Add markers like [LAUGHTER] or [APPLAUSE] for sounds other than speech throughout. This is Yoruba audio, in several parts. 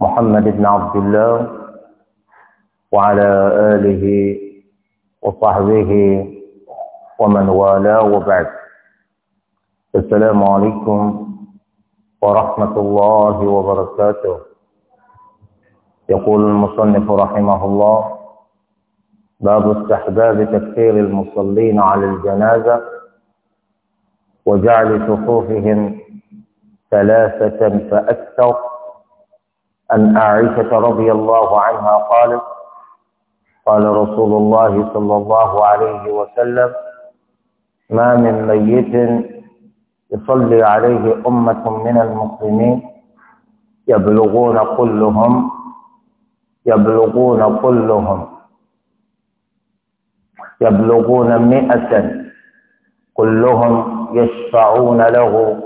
محمد بن عبد الله وعلى آله وصحبه ومن والاه وبعد السلام عليكم ورحمة الله وبركاته يقول المصنف رحمه الله باب استحباب تكفير المصلين على الجنازة وجعل صفوفهم ثلاثة فأكثر عن عائشة رضي الله عنها قالت قال رسول الله صلى الله عليه وسلم ما من ميت يصلي عليه أمة من المسلمين يبلغون كلهم يبلغون كلهم يبلغون مئة كلهم يشفعون له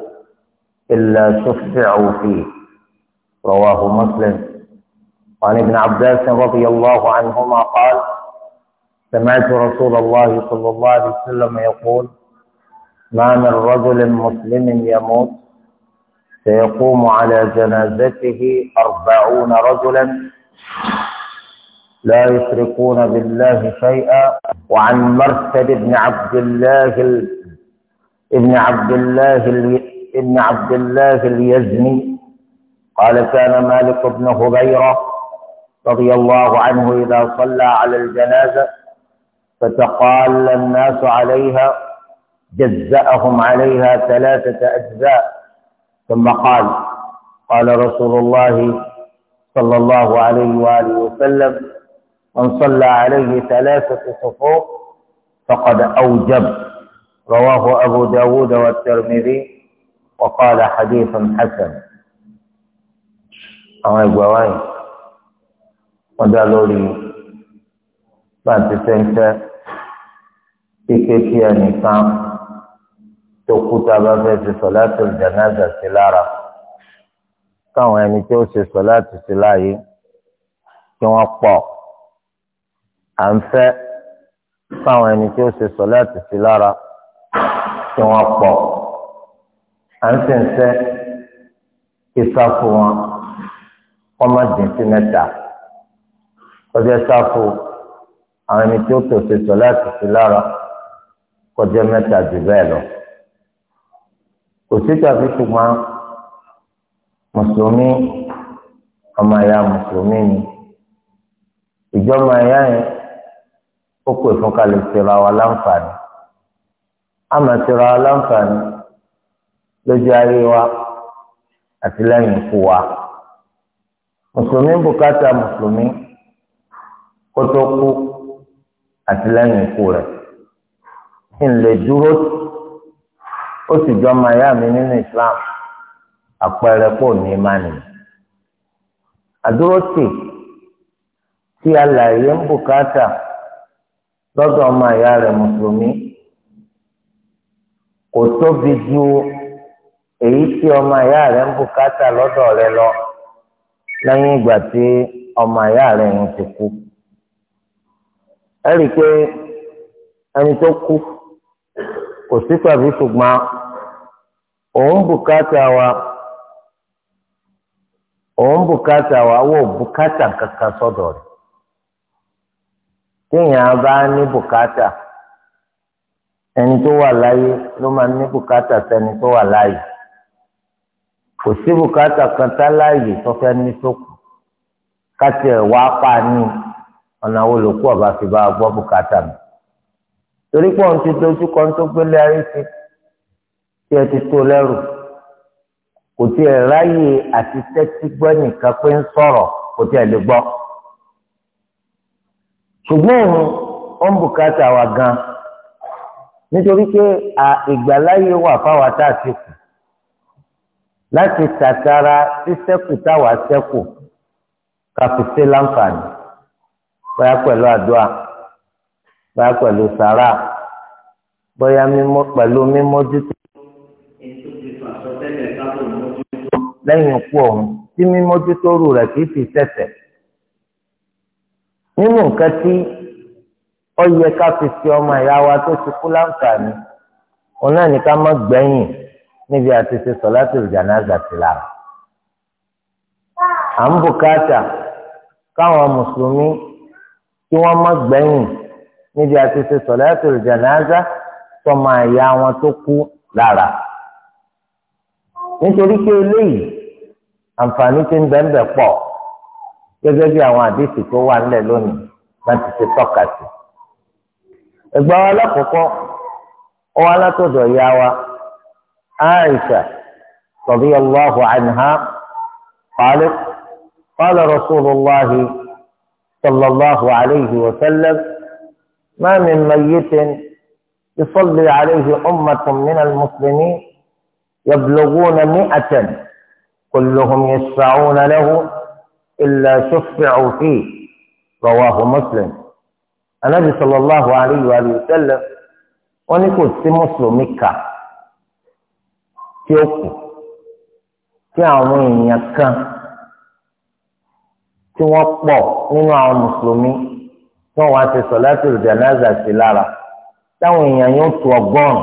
إلا شفعوا فيه رواه مسلم وعن ابن عباس رضي الله عنهما قال سمعت رسول الله صلى الله عليه وسلم يقول ما من رجل مسلم يموت سيقوم على جنازته أربعون رجلا لا يشركون بالله شيئا وعن مرثد بن عبد الله ابن عبد الله ابن عبد الله اليزني قال كان مالك بن هبيرة رضي الله عنه إذا صلى على الجنازة فتقال الناس عليها جزأهم عليها ثلاثة أجزاء ثم قال قال رسول الله صلى الله عليه وآله وسلم من صلى عليه ثلاثة صفوف فقد أوجب رواه أبو داود والترمذي وقال حديث حسن àwọn ìgbà wáyé wọ́n dá lórí báńtí sẹ́ńtẹ́ kíké tí ẹnìkan tó kú tá a bá fẹ́ ṣe sọ̀láàtì jánásà sí lára káwọn ẹni tí ó ṣe sọ̀láàtì sí láàyè kí wọ́n pọ̀ à ń fẹ́ káwọn ẹni tí ó ṣe sọ̀láàtì sí lára kí wọ́n pọ̀ à ń sẹ̀nsẹ́ kí sáfù wọn kọ́má dín sí mẹ́ta kọjá sáfù àwọn ẹni tí ó tò ṣe sọ láti fi lára kọjá mẹ́ta jù bẹ́ẹ̀ lọ. kò sí tàbí ṣùgbọ́n mùsùlùmí ọmọ ẹ̀yà mùsùlùmí ni ìjọba ẹ̀yà yẹn ó pè fún ká lè ṣera wa láǹfààní àmọ́ ṣera wa lójú ayé wa àti lẹ́yìn ikú wa mùsùlùmí bùkátà mùsùlùmí kótó kú àtìlẹ́yìn ikú rẹ̀ kí n lè dúró ó sì jọ ọmọ ìyá mi nínú Islam àpẹẹrẹ kò ní má nì àdúrótì tí alàyé ń bùkátà lọ́dọ̀ ọmọ ìyá rẹ̀ mùsùlùmí kò tóbi ju èyí tí ọmọ ìyá rẹ̀ ń bùkátà lọ́dọ̀ rẹ̀ lọ. Lo lẹ́yìn ìgbà tí ọmọ ìyá rẹ̀ ń ti kú. ẹ rí i pé ẹni tó kú kò sí tàbí ṣùgbọ́n òun bùkátà wa òun bùkátà wa wò bùkátà kankan sọ́dọ̀ rẹ̀ téèyàn bá ní bùkátà ẹni tó wà láyé ló máa ní bùkátà sẹ́ni tó wà láyé. kò sí bùkátà kan tá láàyè tọ́fẹ́ ní sókù káti ẹ̀ wá pa ní ọ̀nà wo lòkú ọ̀bá fi bá gbọ́ bùkátà mi. torí pé òun ti dojú kan tó gbélé ayé ti tí ẹ ti tó lẹ́rù kò tí ẹ ráyè àti tẹ́tí gbọ́ nìkan pé ń sọ̀rọ̀ kò tí ẹ lè gbọ́. ṣùgbọ́n ó ń bùkátà wa gan nítorí pé ìgbàláyé wà fáwa tá a ti kù láti ṣàtara sísẹ́kù táwa sẹ́kù kàfùsẹ́ láǹfààní bóyá pẹ̀lú àdúrà bóyá pẹ̀lú sàrà bóyá mímọ́ pẹ̀lú mímójútó. lẹ́yìn ikú ọ̀hún tí mímójútó rù rẹ̀ kì í fi sẹ̀sẹ̀. nínú nǹkan tí ó yẹ ká fi ṣe ọmọ ìyá wa tó ti kú láǹfààní òun náà ní ká má gbẹ̀yìn níbi àti ṣe sọ̀láṣì ìjànáza ti lára. à ń bùkátà káwọn mùsùlùmí kí wọ́n má gbẹ̀yìn níbi àti ṣe sọ̀láṣì ìjànáza tó máa ya wọn tó kú lára. nítorí pé eléyìí àǹfààní ti ń bẹ́ẹ̀ pọ̀ gẹ́gẹ́ bí àwọn àdéhùn tó wà nílẹ̀ lónìí láti ṣe tọ́ka sí. ẹ̀gbọ́n alákọ̀ọ́kọ́ ọwọ́ alátọ̀dọ̀ ya wa. عائشة رضي الله عنها قالت قال رسول الله صلى الله عليه وسلم ما من ميت يصلي عليه أمة من المسلمين يبلغون مئة كلهم يشفعون له إلا شفعوا فيه رواه مسلم النبي صلى الله عليه وآله وسلم ونقول في مسلم مكة tí ó kù tí àwọn èèyàn kan tí wọ́n pọ̀ nínú àwọn mùsùlùmí tí wọ́n wá ṣe sọ̀láṣì jánásà sí lára táwọn èèyàn yóò tu ọgọ́rùn-ún.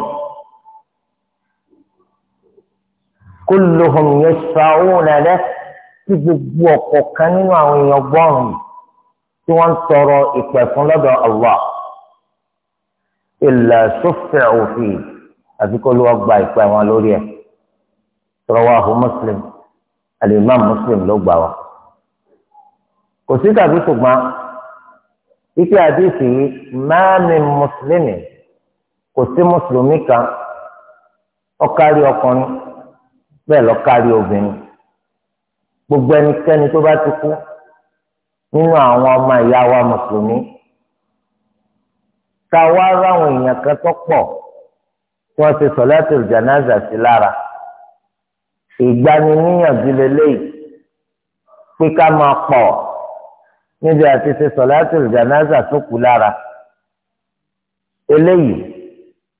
kulluhum yashfa'una lahu tí gbogbo ọ̀kọ̀ọ̀kan nínú àwọn èèyàn ọgọ́rùn tí wọ́n ń tọrọ ìpẹ̀ fún lọ́dọ̀ Allah illa shuffi'u fihi àti kó ló gba ìpẹ̀ wọn lórí ẹ̀ rawahu muslim alimam muslim ló gbà wá kò sí tàbí ṣùgbọ́n ike àdìsí máàmì mùsùlùmí kò sí mùsùlùmí kan ọkárí ọkùnrin bẹ́ẹ̀ lọ́kárí obìnrin gbogbo ẹnikẹ́ni tó bá ti kú nínú àwọn ọmọ ìyá wa mùsùlùmí ká wá ráwọn èèyàn kan tó pọ̀ tí wọ́n ti sọ̀látùl jánásà sí lára ìgbaniníyànjú lélẹ́yìí pé ká máa pọ̀ níbi àti ṣe sọ̀láṣẹ̀ ìjànáza tó kù lára eléyìí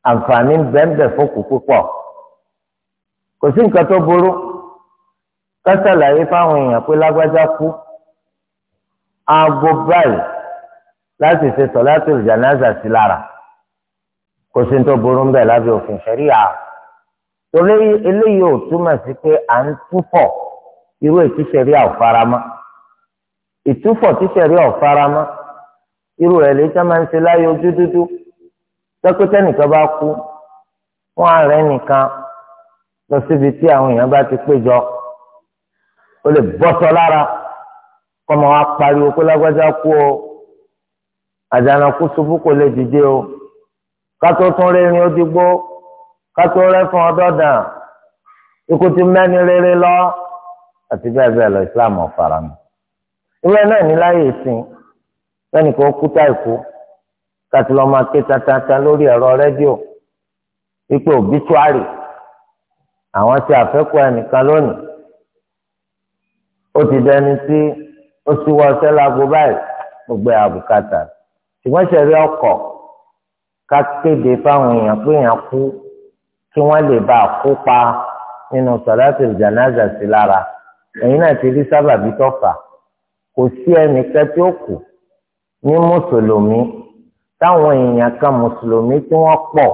àǹfààní bẹ́ẹ̀nbẹ́ fòkù púpọ̀ kò sí nǹkan tó burú ká ṣàlàyé fáwọn èèyàn pé lágbájá kú aago báyìí láti ṣe sọ̀láṣẹ̀ ìjànáza sí lára kò sí nǹkan tó burú ń bẹ lábẹ́ òfin ṣẹ̀ríà torí eléyìí ò túmọ̀ sí pé à ń túfọ̀ irú ìtúsẹ̀rí àwòfarama ìtúfọ̀ tísẹ̀rí àwòfarama irú rẹ̀ lè jẹ́ máa ń ṣe láyé ojú dúdú tẹ́kútẹ́ nìkan bá kú wọ́n á rẹ́ nìkan lọ síbi tí àwọn èèyàn bá ti péjọ ó lè bọ́sọ lára kọ́mọ wa pariwo pé lágbájá kú o àjànà ṣubú kò lè dìde o ká tó tún rẹ́rìn ó digbó kátó rẹ fún ọdọdàn ikú ti mẹ́ni rere lọ àti bẹ́ẹ̀ bẹ́ẹ̀ lọ islam ọ̀fara mi ìwé náà ní láyé ìsìn lẹ́nu kan kú táìkú káti lọ́ọ́ máa ké tatata lórí ẹ̀rọ rẹ́díò wípé òbítúárì àwọn ti àfẹ́kù ẹnìkan lónìí ó ti dẹni tí ó sì wọ ọsẹ láago gbogbo àbùkátà ṣùgbọ́n ṣẹ̀rí ọkọ̀ ká kéde fáwọn èèyàn pé èèyàn kú kí wọ́n lè bá kópa nínú sọ̀láṣì ìjànáza sí lára ẹ̀yin náà ti rí sábàbí tọ́fà kò sí ẹnìkan tí ó kù ní mùsùlùmí táwọn èèyàn kan mùsùlùmí tí wọ́n pọ̀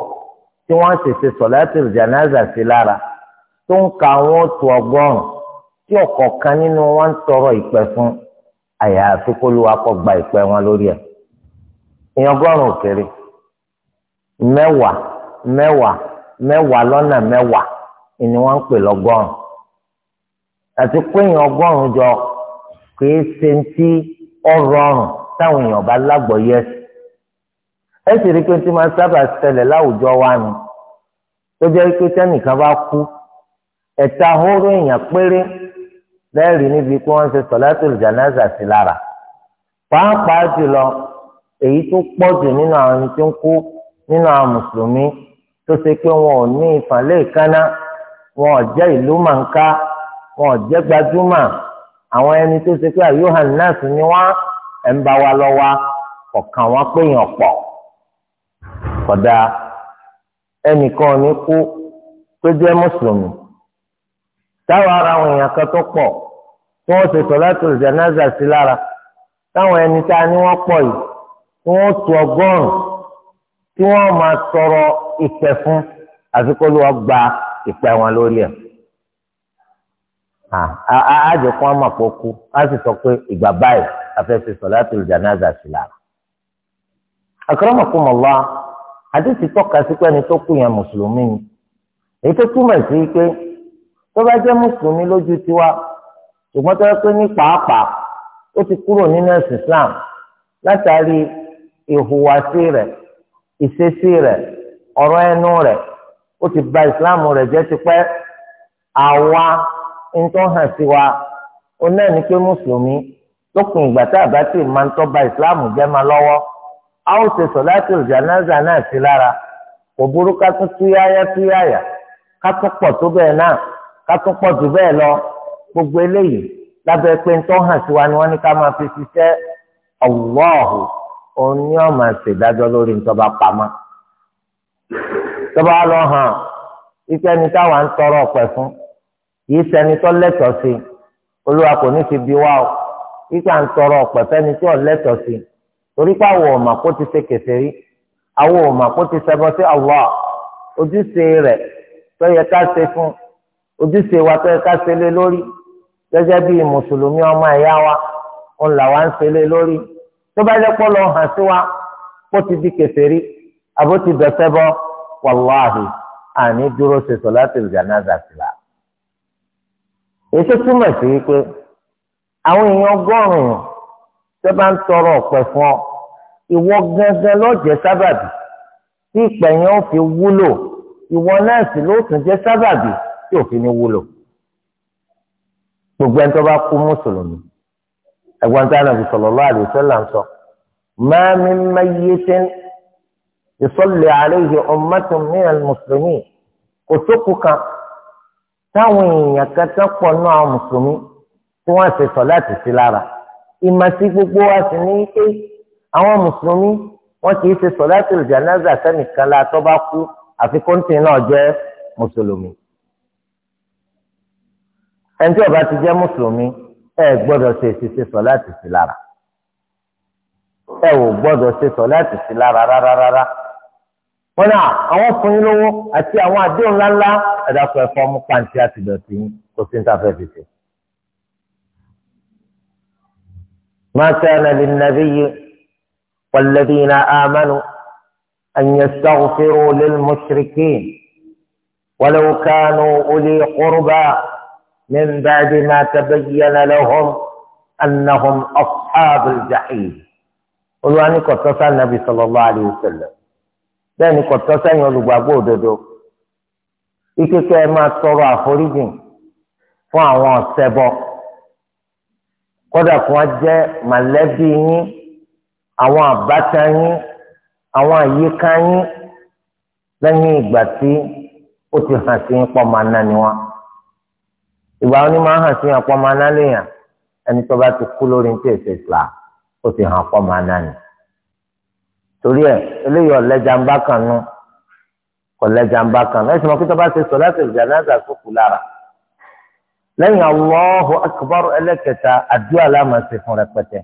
tí wọ́n sì ṣe sọ̀láṣì ìjànáza sí lára tó ń ka àwọn oṣù ọgọ́rùn-ún tí ọ̀kọ̀ọ̀kan nínú wọn ń tọrọ ìpẹ́ fún àyàfi kó gba ìpẹ́ wọn lórí ẹ̀ èèyàn ọgọ́rùn-ún kéré mẹ́wàá lọ́nà mẹ́wàá ni wọ́n ń pè lọ́gọ́rùn àti péyìn ọgọ́rùn jọ kìí ṣe ti ọrọrùn táwọn èèyàn bá lágbọ̀ọ́yé ẹ sì rí pé tí máa sábà ṣẹlẹ̀ láwùjọ wa ni tó jẹ́ pé tẹ́nìkan bá kú ẹ̀ta hóró èèyàn péré lẹ́rìí níbi pé wọ́n ṣe sọ̀látùl jánásà sí lára pàápàá jùlọ èyí tó pọ̀ jù nínú àwọn ẹni tó ń kú nínú àwọn mùsùlùmí tó ṣe pé wọn ò ní ìfàlẹ́ ìkáná wọn ò jẹ́ ìlú ń bá wa lọ wa ọ̀kan wọn péyàn pọ̀ kódà ẹnìkan ò ní kú jẹ́ mùsùlùmí táwọn àwọn èèyàn kan tó pọ̀ tí wọ́n ṣe sọ̀látù jánásà sí lára táwọn ẹni tá a ní wọ́n pọ̀ yìí kí wọ́n máa sọrọ ìpẹ́ fún àfikún wọn gba ìpẹ́ wọn lórí ẹ̀. àjò kan mà kó kú a sì sọ pé ìgbà báyìí afẹ́sẹ̀ sọ̀láàtù jánásà sí la. akramakumullah àdìsí sí pé ẹni tó kú yẹn mùsùlùmí ni èyí tó túmọ̀ sí pé tiwa ṣùgbọ́n tó yẹ pé ní ti kúrò nínú Islam látàrí ìhùwàsí rẹ̀ ìṣesí rẹ̀ ọrọ ẹnu rẹ ó ti ba ìsìláàmù rẹ jẹ́ tipẹ́ àwa ń tó hàn sí wa ó náà ní pé mùsùlùmí lópin ìgbà tá a bá ti máa ń tó bà ìsìláàmù jẹ́ a ó ṣe sọ̀láṣì jánásà náà sí lára kò burú ká tún túyáyá túyáyá ká tún pọ̀ tó bẹ́ẹ̀ náà lọ gbogbo eléyìí lábẹ́ pé ń tó hàn sí wa ni wọ́n ní ká máa fi ṣiṣẹ́ òun ni wọn máa ṣèdájọ́ lórí ntọ́ba pamọ́ tọ́ba lọ hàn ike ẹni táwa ń tọrọ ọpẹ fún yìí sẹni tó lẹtọ sí olúwa kò ní fi bí wá o ike à ń tọrọ ọ̀pẹ fẹ́ni tí ò lẹ́tọ̀ọ́ sí torí pé àwọn ọ̀mà kó ti ṣe kèfèrí àwọn ọ̀mà kó ti ṣẹbọ sí Allah ojúṣe rẹ tó yẹ ká ṣe fún ojúṣe wa tó yẹ ká ṣe lé lórí gẹ́gẹ́ bí mùsùlùmí ọmọ ẹ̀yà wa ń wa wá ń ṣe lé lórí. tó bá jẹ́ pọ́ lọ hàn sí wa ó ti di kèfèrí àbó ti dọ̀tẹ́ bọ́ wàláhì àní dúró ṣe sọ̀látùl jánásà sílá. èso túmọ̀ sí wípé àwọn èèyàn ọgọ́rùn-ún tó bá ń tọrọ ọ̀pẹ̀ fún ọ ìwọ gangan lọ́jẹ̀ sábàbí tí ìpẹ̀yìn ó fi wúlò ìwọ náà sì ló tún jẹ́ sábàbí tí òfin ní wúlò. gbogbo ẹni tó bá kú mùsùlùmí ẹ̀gbọ́n tí Ànábì sallallahu alaihi wasallam sọ ma min mayyitin yusalli alayhi ummatun minal muslimin kò sókù kan táwọn èèyàn kẹta pọ̀ nù àwọn mùsùlùmí tí wọ́n ṣe sọ láti sí lára ìmọ̀sí gbogbo wa sì ní pé àwọn mùsùlùmí wọ́n kì í ṣe sọ̀láṣì ìjànáza sẹ́nìkan la tó bá kú àfi kóńtì náà jẹ́ mùsùlùmí ẹni tí ó ti jẹ́ mùsùlùmí ẹ gbọ́dọ̀ ṣe ṣiṣẹ́ sọ láti sí lára ẹ ò gbọ́dọ̀ ṣe sọ láti sí lára rárá rárá wọn náà àwọn fún yín lówó àti àwọn àdéhùn ńláńlá ẹ̀dàpọ̀ ẹ̀fọ́ mú pàǹtí àti ìdọ̀tí yín sí ní tàfẹ́ fi ṣe. ما كان للنبي والذين آمنوا أن يستغفروا للمشركين ولو كانوا أولي قربى من بعد ما تبين لهم أنهم أصحاب الجحيم Olúwa ní kò tọ́sà nàbì sallallahu alayhi wa sallam bẹ́ẹ̀ ni kò tọ́sà yẹn olùgbàgbọ́ òdodo tọrọ àforíjìn fún àwọn ọ̀sẹ̀bọ kódà kí wọ́n jẹ́ màlẹ́bí yín àwọn àbáta yín àwọn ìgbà wọn ni máa hàn sí àpọ̀ máa ná lèèyàn ẹni tó bá ti kú lórí ní èsì islam ó ti hàn àpọ̀ máa ni. torí ẹ eléyìí ọ̀lẹ́jà ń bá kan nú ọ̀lẹ́jà ń bá kan nú ẹ̀sìn mọ́kí tó bá ti sọ láti jánásà sókù lára lẹ́yìn Allahu akbar ẹlẹ́kẹta àdúrà lámàṣẹ fún rẹpẹtẹ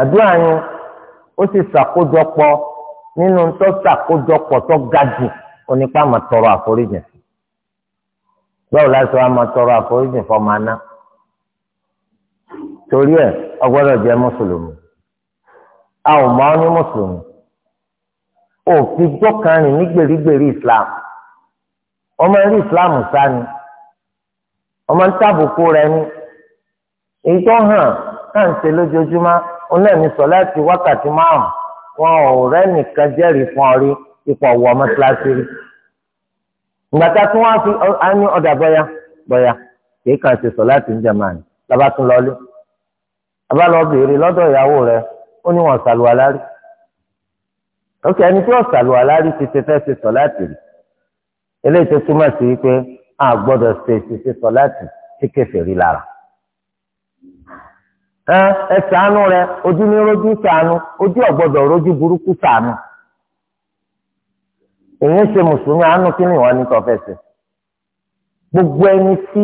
àdúrà yẹn ó sì ṣàkójọpọ̀ nínú tó ṣàkójọpọ̀ tó ga jù onípa àforíjì báwo la sọ wa máa tọrọ àforíjì fọmọ aná torí ẹ ọgbọ́dọ̀ jẹ mùsùlùmí a ò mọ ọ ní mùsùlùmí ò fi gbọkànrin ní gbèrígbèrí islam ọmọ ẹrí islam sani ọmọ ń tàbùkù rẹ ni èyí tó hàn káǹtẹ lójoojúmọ́ ọlẹ́ ní sọ láti wákàtí márùn wọn ò rẹ́ nìkan jẹ́rìí fún ọ rí ipò ọ̀wọ́ ọmọ kíláàsì rí. ìgbàtà tí wọ́n fi á ní ọ̀dà bọ́yá bọ́yá kì í kàn ṣe sọ láti ń jẹ̀mọ́ àná lọ́ba tún lọ́lé lọ́ba béèrè lọ́dọ̀ ìyàwó rẹ ó ní wọn lárí lókè ẹni tí lárí ti ṣe fẹ́ ṣe sọ láti rí eléyìí tó túmọ̀ sí sọ láti rí lára ẹ ṣàánú rẹ ojú ní rojú ṣàánú ojú ọ̀gbọ́dọ̀ èyí ṣe mùsùlùmí àánú kí ni ìwà ní kọfẹ́ sí gbogbo ẹni tí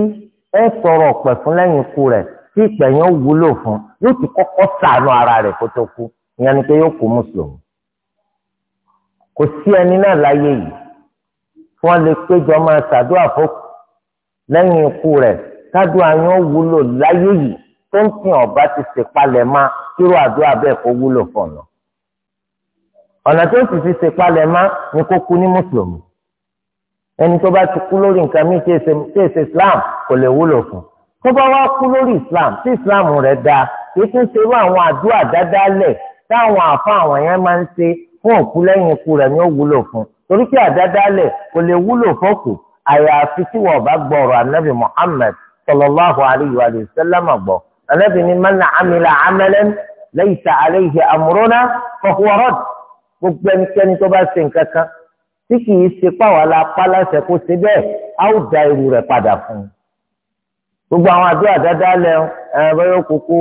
ẹ sọ̀rọ̀ ọ̀pẹ̀ fún lẹ́yìn ikú rẹ̀ tí ìpẹ̀yìn wúlò fún yóò ti kọ́kọ́ sàánú ara rẹ̀ kó tó kú ìyẹn ni pé yóò kú mùsùlùmí kò sí ẹni náà láyé yìí tí wọ́n lè péjọ máa ṣàdúrà fókù lẹ́yìn ikú rẹ̀ ṣáàdúrà yóò wúlò láyé yìí tó ń tì ọ̀bá ti ṣèpalẹ̀ máa kíró àdúrà bẹ́ẹ̀ kó wúlò fọ̀nà ọ̀nà tó sì fi ṣe palẹ̀ má ni kó kú ní mùsùlùmí ẹni tó bá ti kú lórí nǹkan mi tí èsè islam kò lè wúlò fún tó bá wá kú lórí islam tí islam rẹ̀ dáa kì í tún ṣe irú àwọn àdúrà dáadáalẹ̀ táwọn àfa àwọn yẹn máa ń ṣe fún òkú lẹ́yìn ikú rẹ̀ ni ó wúlò fún torí pé àdádálẹ̀ kò lè wúlò fọ́kù àyàfi tí wọ́n bá gbọ́rọ̀ anabi muhammed sallallahu alayhi wa sallam gbọ́ anabi ni man amila amalan laysa alayhi amruna fahuwa gbogbo ẹnikẹ́ni tó bá ṣe nǹkan kan tí kì í ṣe pàwọ́ alápá láṣẹ kó ṣe bẹ́ẹ̀ á ó da irú rẹ̀ padà fún un. gbogbo àwọn àdúrà dáadáa lẹ ẹ̀rọ kúkú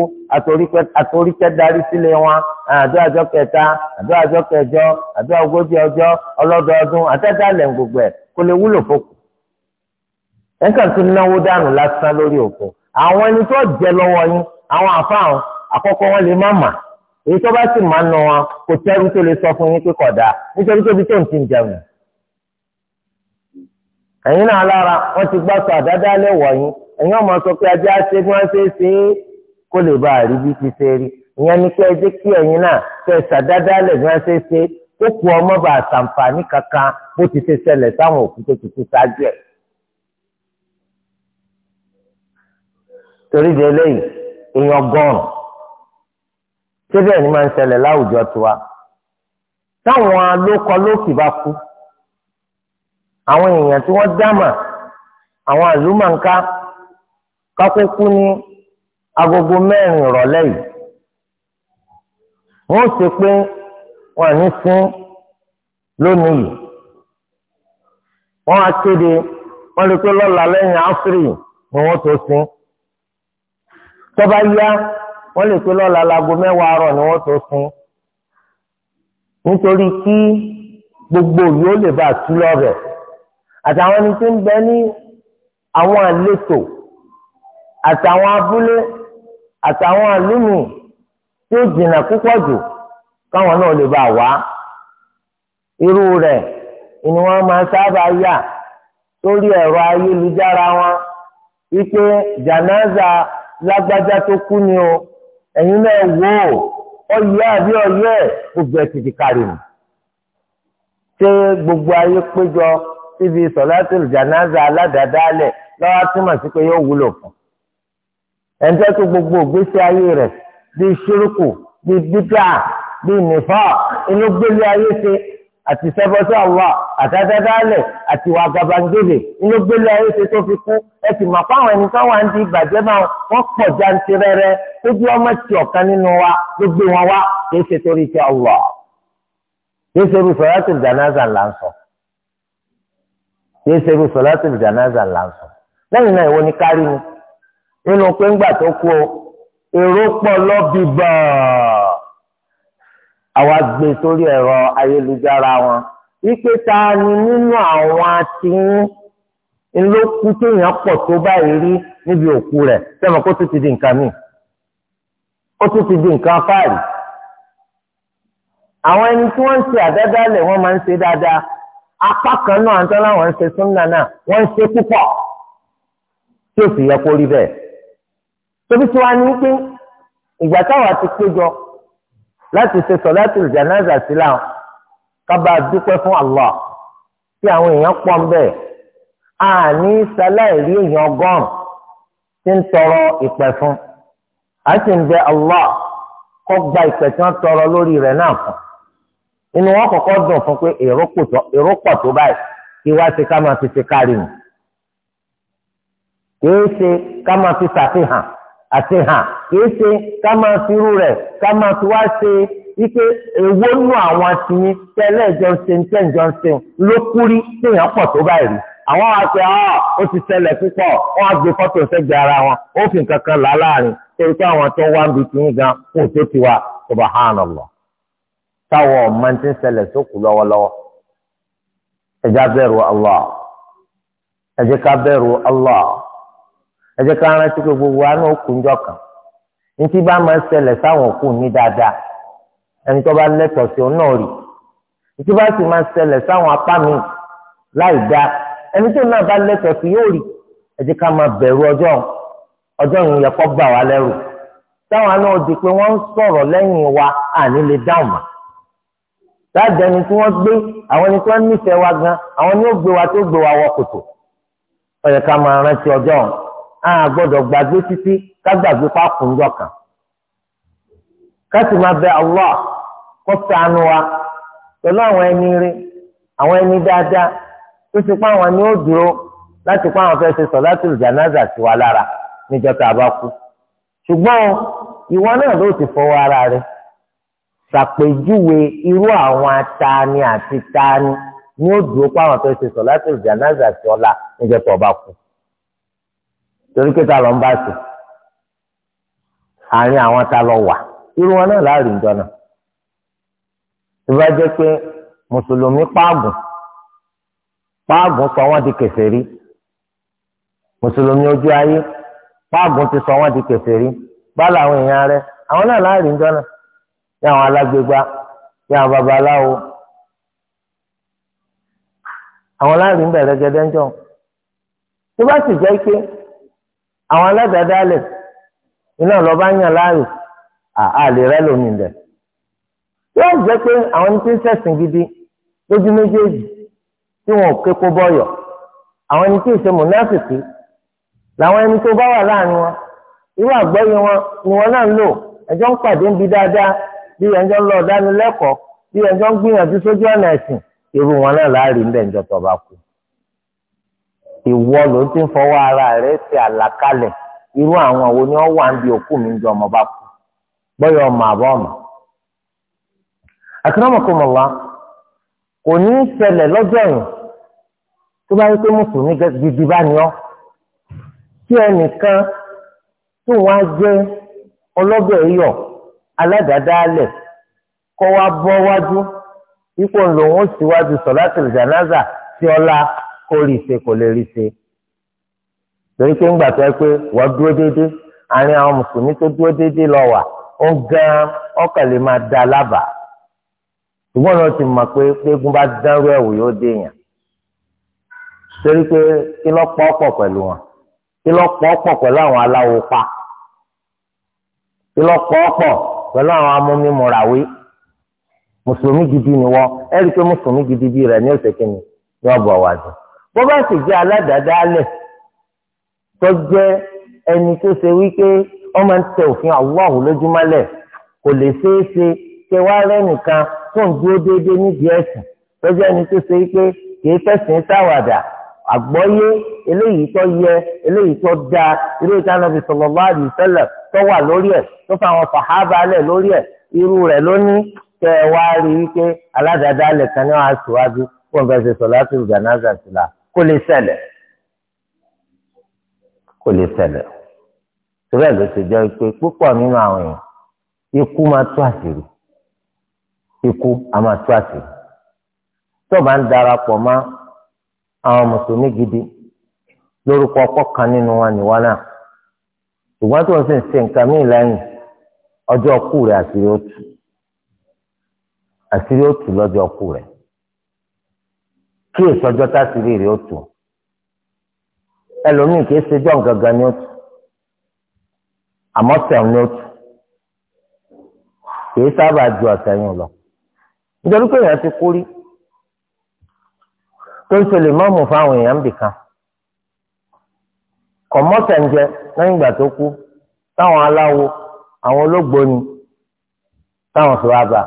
àtòríkẹ́ darí sílé wọn àdúrà ọjọ́ kẹta àdúrà ọjọ́ kẹjọ àdúrà ogójì ọjọ́ ọlọ́dọọdún àtẹ́dá lẹ̀ gbogbo ẹ̀ kó lè wúlò fókù. ẹ̀ńkà tún náwó dànù lásán lórí òkú àwọn ẹni tó jẹ lọ́wọ́ yín àwọn àfáà àkọ́kọ́ wọn lè má mà á èyí tó bá sì máa ń nà wọn kò tẹ́rù tó lè sọ fún yín pé kódà nítorí tó bí tó ń ti ń jẹun. ẹ̀yin náà lára wọ́n ti gbá sọ àdáda lẹ́wọ̀ yín ẹ̀yin ọmọ sọ pé ajá ṣe bí wọ́n ṣe é ṣe é kó lè bá àrí ti ṣe rí ìyẹn ni pé ẹ jẹ́ kí ẹ̀yin náà fẹ́ ṣàdáda lẹ̀ bí wọ́n ṣe é ṣe ó kú ọmọ bá àṣàǹfààní kankan bó ti ṣe ṣẹlẹ̀ sáwọn òkú tó ti ti ṣáájú ẹ̀. torí de eléyìí èèyàn gan síbẹ̀ ni máa ń ṣẹlẹ̀ láwùjọ tiwa táwọn alókọ lókì bá kú àwọn èèyàn tí wọ́n dámà àwọn àlùmọ̀ǹká kákókú ní agogo mẹ́rin ìrọ̀lẹ́ yìí wọ́n ṣe pé wọ́n ní sín lónìí yìí wọ́n á kéde wọ́n lè pé lọ́la lẹ́yìn áfírì ni wọ́n tó sín tọ́ba yá wọ́n lè pe lọ́la láago mẹ́wàá àárọ̀ ni wọ́n tó sùn nítorí kí gbogbo yìí ó lè bá tú lọ́rẹ̀ àtàwọn ẹni tí ń bẹ ní àwọn àletò àtàwọn abúlé àtàwọn àlùmí tí ó jìnnà púpọ̀ jù káwọn náà lè bá wá irú rẹ̀ ni wọ́n máa sábà yà sórí ẹ̀rọ ayélujára wọn wípé jànáza lágbájá tó kú ni o ẹ̀yin náà wò ó ọyẹ àbí ọyẹ gbogbo ẹ ti di kárí mi ṣé gbogbo ayé péjọ síbi sọ̀látùl jànáza aládàádáálẹ̀ lọ́wọ́ túmọ̀ sí pé yóò wúlò fún ẹ̀ńtẹ́ tó gbogbo ògbésí ayé rẹ̀ bíi ṣírùkù bíi bídà bíi nìfà inú gbélé ayé ṣe àti sẹ́fọ́sọ́ àwa àtàdádálẹ̀ àti wà gàbàǹgẹ̀lẹ̀ inú gbélé ayé ṣe tó fi kú ẹ sì mọ̀ fáwọn ẹni tó wà ń di ìbàjẹ́ bá wọn pọ̀ jantirẹrẹ tó bí ọmọ ti ọ̀kan nínú wa ló gbé wọn wá kì í ṣe torí ti àwa kì í ṣe irú sọ̀láṣì ìdánáza là ń sọ kì í ṣe irú sọ̀láṣì ìdánáza là ń sọ lẹ́yìn náà ìwọ ni kárí ni nínú pé ńgbà tó kú o èrò pọ̀ lọ́ bíbáà àwa gbé sórí ẹ̀rọ ayélujára wọn wípé ta ni nínú àwọn atiyín ńlọkù téèyàn pọ̀ tó báyìí rí níbi òkú rẹ̀ sẹ́mi kó tún ti di nǹkan míì ó tún ti di nǹkan fáàrí àwọn ẹni tí wọ́n ń ṣe àdádálẹ̀ wọ́n máa ń ṣe dáadáa apá kan náà àti láwọn ń ṣe súnmọ́ náà wọ́n ń ṣe púpọ̀ tí ó sì yẹ kó rí bẹ́ẹ̀ tóbi tí wàá ní pé ìgbà táwa ti péjọ láti ṣe sọ̀láàtì jánásà sílá kábàá dúpẹ́ fún Allah tí àwọn èèyàn pọ̀ ń bẹ̀ àní sáláìrí èèyàn ọgọ́rùn tí ń tọrọ ìpẹ̀ fún a sì ń bẹ Allah kó gba ìpẹ̀ tí wọ́n tọrọ lórí rẹ̀ náà fún inú wọn kọ́kọ́ dùn fún pé èrò pọ̀ tó báyìí kí wá sí ká máa fi ṣe kárí nù kì í ṣe ká máa fi ṣàfihàn. àti hàn kìí ṣe ká máa fi irú rẹ̀ ká máa fi wá ṣe nù àwọn johnson ten johnson ló kú téèyàn pọ̀ tó báyìí rí àwọn wa pé ọ ó ti ṣẹlẹ̀ púpọ̀ wọ́n á gbé fọ́tò sẹ́gbẹ̀ẹ́ ara wọn ó fi nǹkan kan là á láàrin torí pé àwọn tó wá ń bi wa subhanallah táwọn ọmọ ti ń sókù ẹ Allah. ẹ jẹ́ ká rántí pé gbogbo wa náà kù ńjọ́ kan ní tí bá máa ń ṣẹlẹ̀ sáwọn òkú ní dáadáa ẹni tó bá lẹ́tọ̀ọ́ sí òun náà bá sì máa ṣẹlẹ̀ sáwọn apá mi láì dáa ẹni tó náà bá lẹ́tọ̀ọ́ sí yóò rì ẹ jẹ́ ká máa bẹ̀rù ọjọ́ ọjọ́ yìí yẹ kó gbà wá lẹ́rù táwọn náà di pé wọ́n ń sọ̀rọ̀ lẹ́yìn wa àní lè dáhùn mọ́ láti ẹni tí wọ́n gbé àwọn ẹni tí wọ́n nífẹ̀ẹ́ wa gan àwọn ni ó gbé wa tó gbé wa wọ kòtò ó ká máa rántí ọjọ́ ọ̀hún a gbọ́dọ̀ gbàgbé títí ká gbàgbé pákó ńjọ kan ká bẹ Allah kó ṣàánú wa pẹ̀lú àwọn ẹni rí àwọn ẹni dáadáa tó ti pa àwọn ni ó dúró láti pa àwọn fẹsẹ̀ sọ̀látùl jánásà sí wa lára níjọ́ tá a bá kú ṣùgbọ́n ìwọ náà ló ti fọwọ́ ara rẹ ṣàpèjúwe irú àwọn atani àti tani ni ó dúró pa àwọn fẹsẹ̀ sọ̀látùl jánásà sí ọ̀la níjọ́ tó o bá kú. torí pé ta lọ ń bá sùn àárín àwọn ta lọ wà irú wọn náà láàrin ìjọ náà tó bá jẹ́ pé mùsùlùmí páàgùn páàgùn sọ wọ́n di kèfèrí mùsùlùmí ojú ayé páàgùn ti sọ wọ́n di kèfèrí bá làwọn èèyàn rẹ̀ àwọn náà láàrin ìjọ náà ní àwọn alágbègbà ní àwọn babaláwo àwọn láàrin bẹ̀rẹ̀ gẹ́gẹ́ ń jọ tó bá sì jẹ́ pé. àwọn aládàádálẹ̀ iná lọ́ba ń yàn láàyò àlè rẹ lómi ń bẹ̀. yóò jẹ́ pé àwọn tí ń ṣẹ̀sìn gidi lójú méjèèjì tí wọn ò kéko bọ́yọ̀ àwọn ẹni tí ì ṣe mùnáfìkì làwọn ẹni tó bá wà láàrin wọn irú àgbọ́yé wọn ni wọn náà ń lò ẹjọ́ ń pàdé ń bi dáadáa bí ẹjọ́ ń lọ dánilẹ́kọ̀ọ́ bí ẹjọ́ ń gbìyànjú sójú ọ̀nà ẹ̀sìn irú wọn náà láàrin bẹ́ẹ̀ ń jọ tọ́ kú ìwọ ló ti ń fọwọ́ ara rẹ ti àlàkalẹ̀ irú àwọn wo ni wọ́n wà ń bi òkú mi ju ọmọ bá kú bọ́yọ̀ ọmọ àbọ̀ ọmọ. akramakumullah kò ní í ṣẹlẹ̀ lọ́jọ́ yìí tó bá yẹ pé mùsùlùmí gidi bá ní ọ́ tí ẹnìkan tó wọ́n jẹ́ ọlọ́bẹ̀ yọ̀ aládàádáálẹ̀ kọ́ wa bọ́ wájú ipò ńlò wọn ó síwájú sọ̀látùl jánásà sí ọlá ó rí ṣe kò lè rí ṣe torí pé ńgbà tó ẹ pé wọ́n dúró déédéé àárín àwọn mùsùlùmí tó dúró déédéé lọ wà ó gan ọkàn lè máa da lábàá ṣùgbọ́n náà ti mọ̀ pé pégun bá dánrú ẹ̀wù yóò déèyàn torí pé kí lọ́ pọ̀ pọ̀ pẹ̀lú wọn kí lọ́ pọ̀ pọ̀ pẹ̀lú àwọn aláwo pa kí lọ́ pọ̀ pọ̀ pẹ̀lú àwọn amúmímúrawé mùsùlùmí gidi ni wọ́n ẹ̀rí pé mùsùlùmí gidi bí rẹ̀ ní òṣèkínni yóò bọ̀ wájú bó bá sì jẹ́ aládàádáálẹ̀ tó jẹ́ ẹni tó ṣe wípé wọ́n máa ń tẹ òfin Allahu lójúmọ́lẹ̀ kò lè ṣeé ṣe ṣe wá rẹ́nìkan tó ń dúró déédéé nídìí ẹ̀sìn tó jẹ́ ẹni tó ṣe wípé kìí fẹ̀sìn sáwàdà àgbọ́yé eléyìí tó yẹ eléyìí tó dáa eléyìí tó Nabi sallallahu alaihi wasallam tó wà lórí ẹ̀ tó fa àwọn sàhábà lẹ̀ lórí ẹ̀ irú rẹ̀ lóní tẹ ẹ wá rí i pé kan ní wàá síwájú fún ọ̀gá ìṣẹ̀sọ̀ láti ìgbà náà zàtìlá kó lè ṣẹlẹ̀ kó lè ṣẹlẹ̀ torí ẹ̀ ló ṣe jẹ́ pé púpọ̀ nínú àwọn èèyàn ikú máa tú àṣírí ikú a máa tú àṣírí tó bá ń darapọ̀ mọ́ àwọn mùsùlùmí gidi lórúkọ ọkọ̀ kan nínú wọn nìwọ náà ṣùgbọ́n tó ń sìn nǹkan míì lẹ́yìn ọjọ́ ọkù rẹ̀ àṣírí ó àṣírí ó lọ́jọ́ ọkù rẹ̀ kí èso ọjọ́ tásìrì rẹ̀ ó tù ẹlòmíì kì í ṣe jọ̀ gangan ni ó tù àmọ́ sẹ̀wọ̀n ni ó tù kì í sábà ju àtẹ̀yìn lọ nítorí pé èèyàn ti kú rí tó ń ṣẹlẹ̀ mọ́mù fáwọn èèyàn bìkan kọ̀mọ́sẹ̀ ń jẹ lẹ́yìn ìgbà tó kú táwọn aláwo àwọn olóògbóni táwọn fi wá bá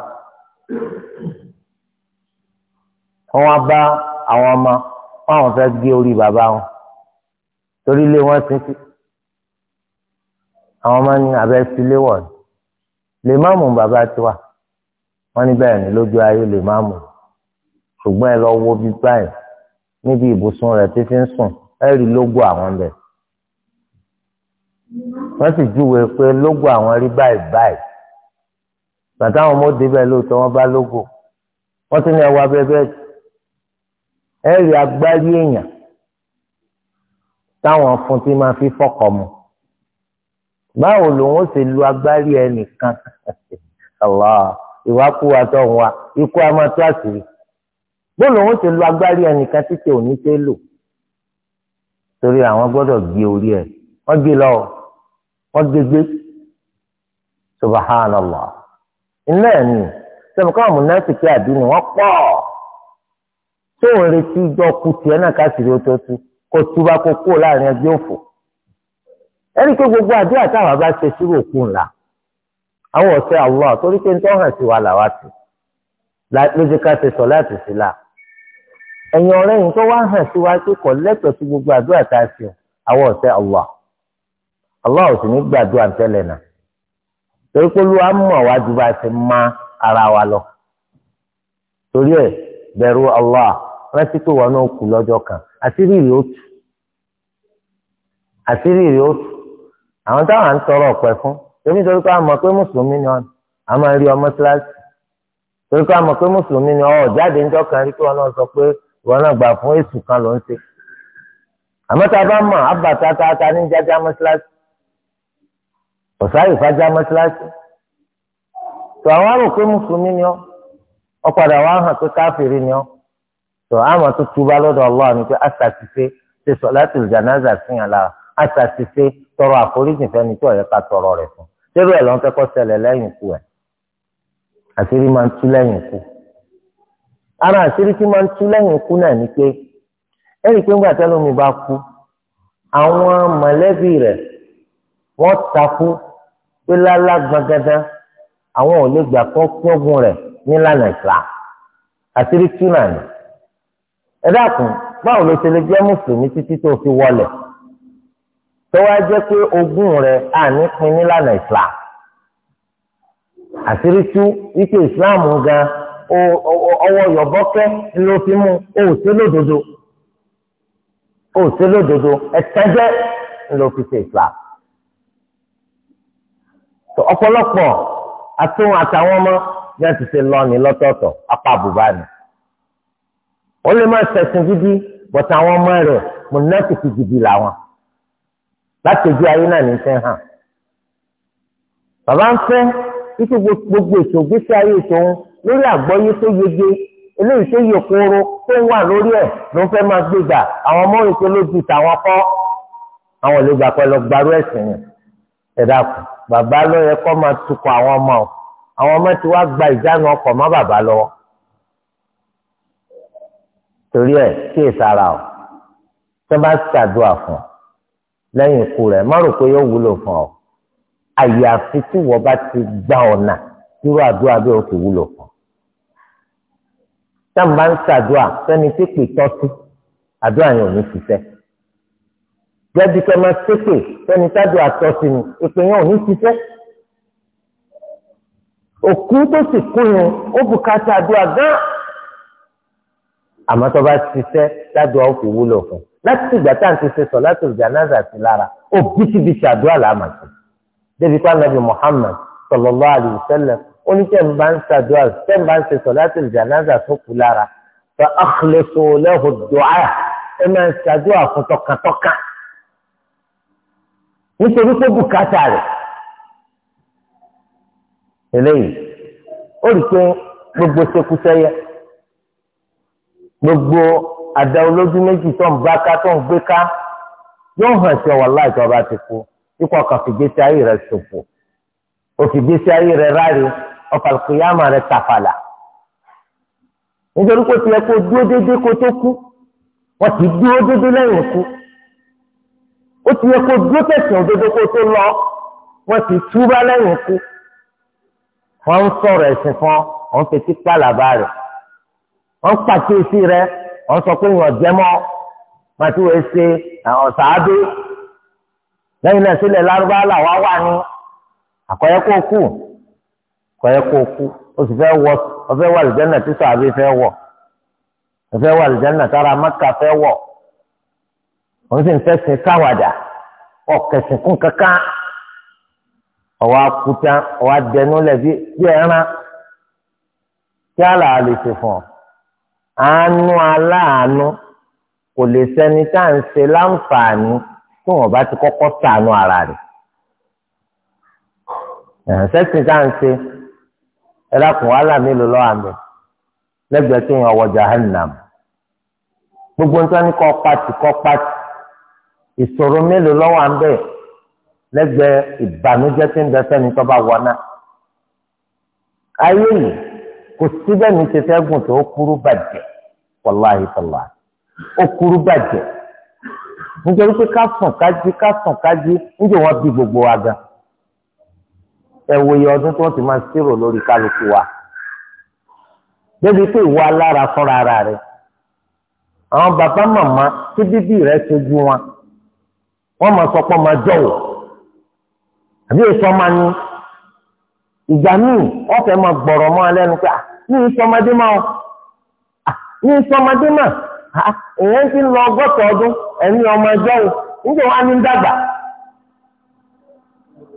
wọn bá àwọn ọmọ wọn fẹ́ gé orí bàbá wọn torí ilé wọn ti ti àwọn ọmọ ní abẹ́ sílé wọ̀ ni lè má mú bàbá tiwa wọn ní bẹ́ẹ̀ ni lójú ayé lè má mú ṣùgbọ́n ẹ lọ wo bí báyìí níbi ìbùsùn rẹ̀ títí ń sùn ẹ rí lógo àwọn bẹ̀ wọ́n sì júwe pé lógo àwọn rí báyìí báyìí bàtà àwọn ọmọ òde bẹ́ẹ̀ lóòótọ́ wọ́n bá lógo wọ́n tún ní ẹwà bẹ́ẹ̀ bẹ́ẹ̀ ẹ̀rí agbárí èèyàn táwọn fún ti máa fi fọkọ̀ mu báwo lòun ó ṣe lu agbárí ẹnìkan [LAUGHS] ìwákúwa tó ń wa ikú a máa tó àṣírí bó lòun ó ṣe lu agbárí ẹnìkan títí òní ṣe lò torí àwọn gbọ́dọ̀ gbé orí ẹ̀ wọ́n gbé lọ wọ́n gbégbé subahánàlá ilé ẹ̀ ní sẹ́mi káwọn múnásìkí àdínì wọ́n pọ̀. tó ń retí ìjọ kù tiẹ̀ náà káṣíìrì ó tó tú kó túbá kó láàrin ẹgbẹ́ òfò ẹni pé gbogbo àdúrà táwọn bá ṣe sírò òkú ńlá àwọn ọ̀sẹ̀ Allah torí pé ń tọ́ hàn sí wa làwa lójú sọ láti sí ẹ̀yin ọ̀rẹ́ yìí tó wá hàn sí wa pé kò lẹ́tọ̀ọ́ sí gbogbo àdúrà tá a ṣe àwọn ọ̀sẹ̀ ò sì ní gbàdúrà tẹ́lẹ̀ ara wa lọ torí bẹ̀rù rántí pé wọn náà kú lọ́jọ́ kan àṣírí rèé ó tú àṣírí rèé ó tú àwọn táwọn à ń tọrọ ọ̀pẹ fún èmi torí pé a mọ̀ pé mùsùlùmí ni wọn a máa ń rí ọmọ síláàsì torí pé a mọ̀ pé mùsùlùmí ni ọ̀ jáde ńjọ́ kan rí pé wọn náà sọ pé wọn náà gbà fún èṣù kan ló ń ṣe àmọ́ tá a bá mọ̀ àbàtà tá ní jájá mọ́síláṣí ọ̀sáyè fájá mọ́síláṣí tó àwọn àrò mùsùlùmí ni ọ́ ọ padà wá hàn pé káfíìrì ni ọ́ tó àmọ́ tó túbá lọ́dọ̀ Allah ni pé àṣàṣìṣe ṣe sọ̀látù jànáza síyàn lára àṣàṣìṣe tọrọ àforíjì fẹ́ni tó ọ̀yẹ́ ká tọrọ rẹ̀ fún ṣébí ẹ̀ ló ń kẹ́kọ̀ọ́ ṣẹlẹ̀ lẹ́yìn ikú ẹ̀ àṣírí máa ń tú lẹ́yìn ikú ara àṣírí tí máa ń tú lẹ́yìn ikú náà ni pé ẹ̀rí pé ńgbà tẹ́lómi bá kú àwọn mọ̀lẹ́bí rẹ̀ wọ́n takú pé lálá gbàgádá àwọn ò lè gbà kọ́ kí rẹ̀ nílànà ìsìlá àṣírí tú náà ni ẹ dákun báwo ló ṣe lè jẹ́ mùsùlùmí títí tó fi wọlẹ̀ tó wá jẹ́ pé ogún rẹ̀ à ní pin nílànà islam àṣírí tú wípé islam gan ọwọ́ yọ̀bọ́kẹ́ ló fi mú òòṣe lódodo òòṣe lódodo ẹ̀tẹ́jẹ́ ló fi ṣe islam ọ̀pọ̀lọpọ̀ àtúnwò àtàwọn ọmọ bí ti ṣe lọ́ọ̀nì lọ́tọ̀ọ̀tọ̀ apá àbùbá ni ó lè má ṣẹ̀sìn gidi bọ̀tà àwọn ọmọ rẹ̀ mùnáfìkì gidi làwọn láti ojú ayé náà ní fẹ́ hàn. bàbá ń fẹ́ títí gbogbo ètò ìgbésí ayé tòun lórí àgbọ́yé tó yege eléyìí tó yẹ kóró tó ń wà lórí ẹ̀ ló ń fẹ́ máa gbégbà àwọn ọmọ ìṣe ló ju tàwọn kọ́ àwọn lè gbà pẹ̀lú gbarú ẹ̀sìn yẹn ẹ̀dá kù bàbá ló yẹ máa tukọ̀ àwọn ọmọ àwọn ọmọ ti wá gba ìjánu ọkọ̀ mọ́ bàbá lọ́wọ́ torí ẹ̀ kí ìsara ọ̀ tó bá ṣàdúrà fún ọ lẹ́yìn ikú rẹ̀ má rò pé yóò wúlò fún ọ àyàfi tí wọ́n bá ti gba ọ̀nà irú àdúrà bí ó ti wúlò fún ọ. táwọn bá ń ṣàdúrà sẹ́ni tí pè tọ́sí àdúrà yẹn ò ní ṣiṣẹ́ jẹ́bi kẹ́ máa ṣépè sẹ́ni tájú àtọ́sí ni ìpè yẹn ò ní ṣiṣẹ́ òkú tó sì kú yẹn ó bùkátà àdúrà gan àmọ́ tó bá ṣiṣẹ́ ládùá ó fi wúlò fún láti ìgbà tá à ń ti ṣe sọ̀látùl jánásà sí lára ó bísíbísí àdúrà làmà sí débi pa nàbì Muhammad sallallahu alaihi wasallam oníṣẹ́ni bá ń ṣàdúrà ṣẹ́ni bá ń ṣe sọ̀látùl jánásà tó kù lára fa akhlisu lahu du'a ẹ máa ń ṣàdúrà fún tọkàntọkà nítorí pé bùkátà rẹ̀ eléyìí ó rí pé gbogbo ṣekúṣẹ́yẹ gbogbo àdá olójú méjì tó ń bá ká tó ń gbé ká yóò hàn sí ọwọ́ láì tó ọba ti kú ikọ̀ kan fìgbésí ayé rẹ̀ ṣòfò òfìgbésí ayé rẹ̀ ráre ọ̀fàlùkìyàmà rẹ̀ tàfàlà nítorí kó tiẹ̀ kó dúró déédéé kó tó kú wọ́n ti dúró déédéé lẹ́yìn ikú ó ti yẹ kó dúró tẹ̀sán òdodo kó tó lọ wọ́n ti túbá lẹ́yìn ikú wọ́n ń sọ̀rọ̀ ẹ̀sìn fún ọ́n fi ti pàlàbà rẹ̀ wọ́n pàkíyèsí rẹ wọ́n sọ pé ìwọ̀n jẹ́mọ́ màtí wọ́n ṣe ọ̀sàádó lẹ́yìn náà sílẹ̀ lárúbá làwa wà ní àkọ́yẹ́ kó kú àkọ́yẹ́ kó kú ó sì fẹ́ wọ ọfẹ́ wà lìjánà tí sàbí fẹ́ wọ̀ ọfẹ́ wà lìjánà tára mẹ́ka fẹ́ wọ̀ òun sì ń fẹ́sìn káwàdà ọ̀kẹ̀sìn kún kankan ọwọ́ akuta ọwọ́ adẹnulẹ̀ bí ẹran kí á là á lè ṣe fún ọ àánú aláàánú kò lè sẹni tá à ń ṣe láǹfààní tí wọn bá ti kọ́kọ́ sànú ara rẹ̀ ẹ̀ǹsẹ́sìn tá à ń ṣe ẹ dákun wàhálà mélòó lọ́wọ́ àmì lẹ́gbẹ̀ẹ́ tí wọn wọ jahannam gbogbo nítorí ní kọ́ pati kọ́ pati ìṣòro mélòó lọ́wọ́ à ń bẹ̀ lẹ́gbẹ̀ẹ́ ìbànújẹ́ tí ń bẹ sẹ́ni tó bá wọ náà ayé yìí kò síbẹ̀ mi ti fẹ́ gùn tó ó kúrú bàjẹ́ wàláhì tàlá ó kúrú bàjẹ́ nítorí pé ká sùn kájí ká sùn kájí níjẹ́ wọ́n bí gbogbo wa gan ẹ wo iye ọdún tí wọ́n ti máa ṣírò lórí kálukú wa débi pé ìwọ alára fúnra ara rẹ àwọn bàbá màmá tí bíbí rẹ ṣojú wọn wọ́n máa sọ pé jọ̀wọ́ àbí èso máa ní. ìgbà míì wọ́n fẹ́ máa gbọ̀rọ̀ mọ́ alẹ́ ní ìsọmọdé máa ọ ní ìsọmọdé máa èèyàn ti ń lọ ọgọta ọdún ẹni ọmọ ẹjọ́ o wọn wàá ní dàgbà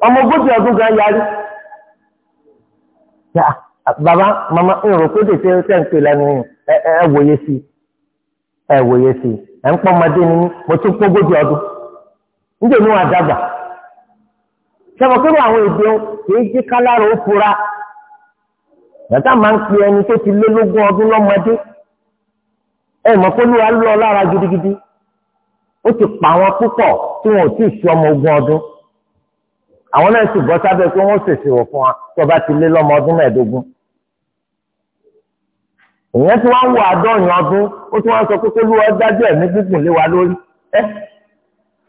ọmọ ogójì ọdún gan yarí ah, bàbá màmá ń rò pé ẹ wòye sí ẹ wòye sí ń ni mo tún sẹ́wọ̀n àwọn èdè kìí jí kálárò ó fura yàtá máa ń pe ẹni tó ti lé lógún ọdún lọ́mọdé ẹ mọ̀ pé olúwa lọ lára gidigidi ó ti pa wọn púpọ̀ tí wọn ò tí ì fi ọmọ ogún ọdún àwọn náà sì bọ́ sábẹ́ pé wọ́n ṣèṣe wọ̀ fún wa tó bá ti lé lọ́mọ ọdún mẹ́ẹ̀ẹ́dógún ìyẹn tí wọ́n ń wo àádọ́rin ọdún ó tún wá sọ pé olúwa dájú ẹ̀mí gígùn lé wa lórí ẹ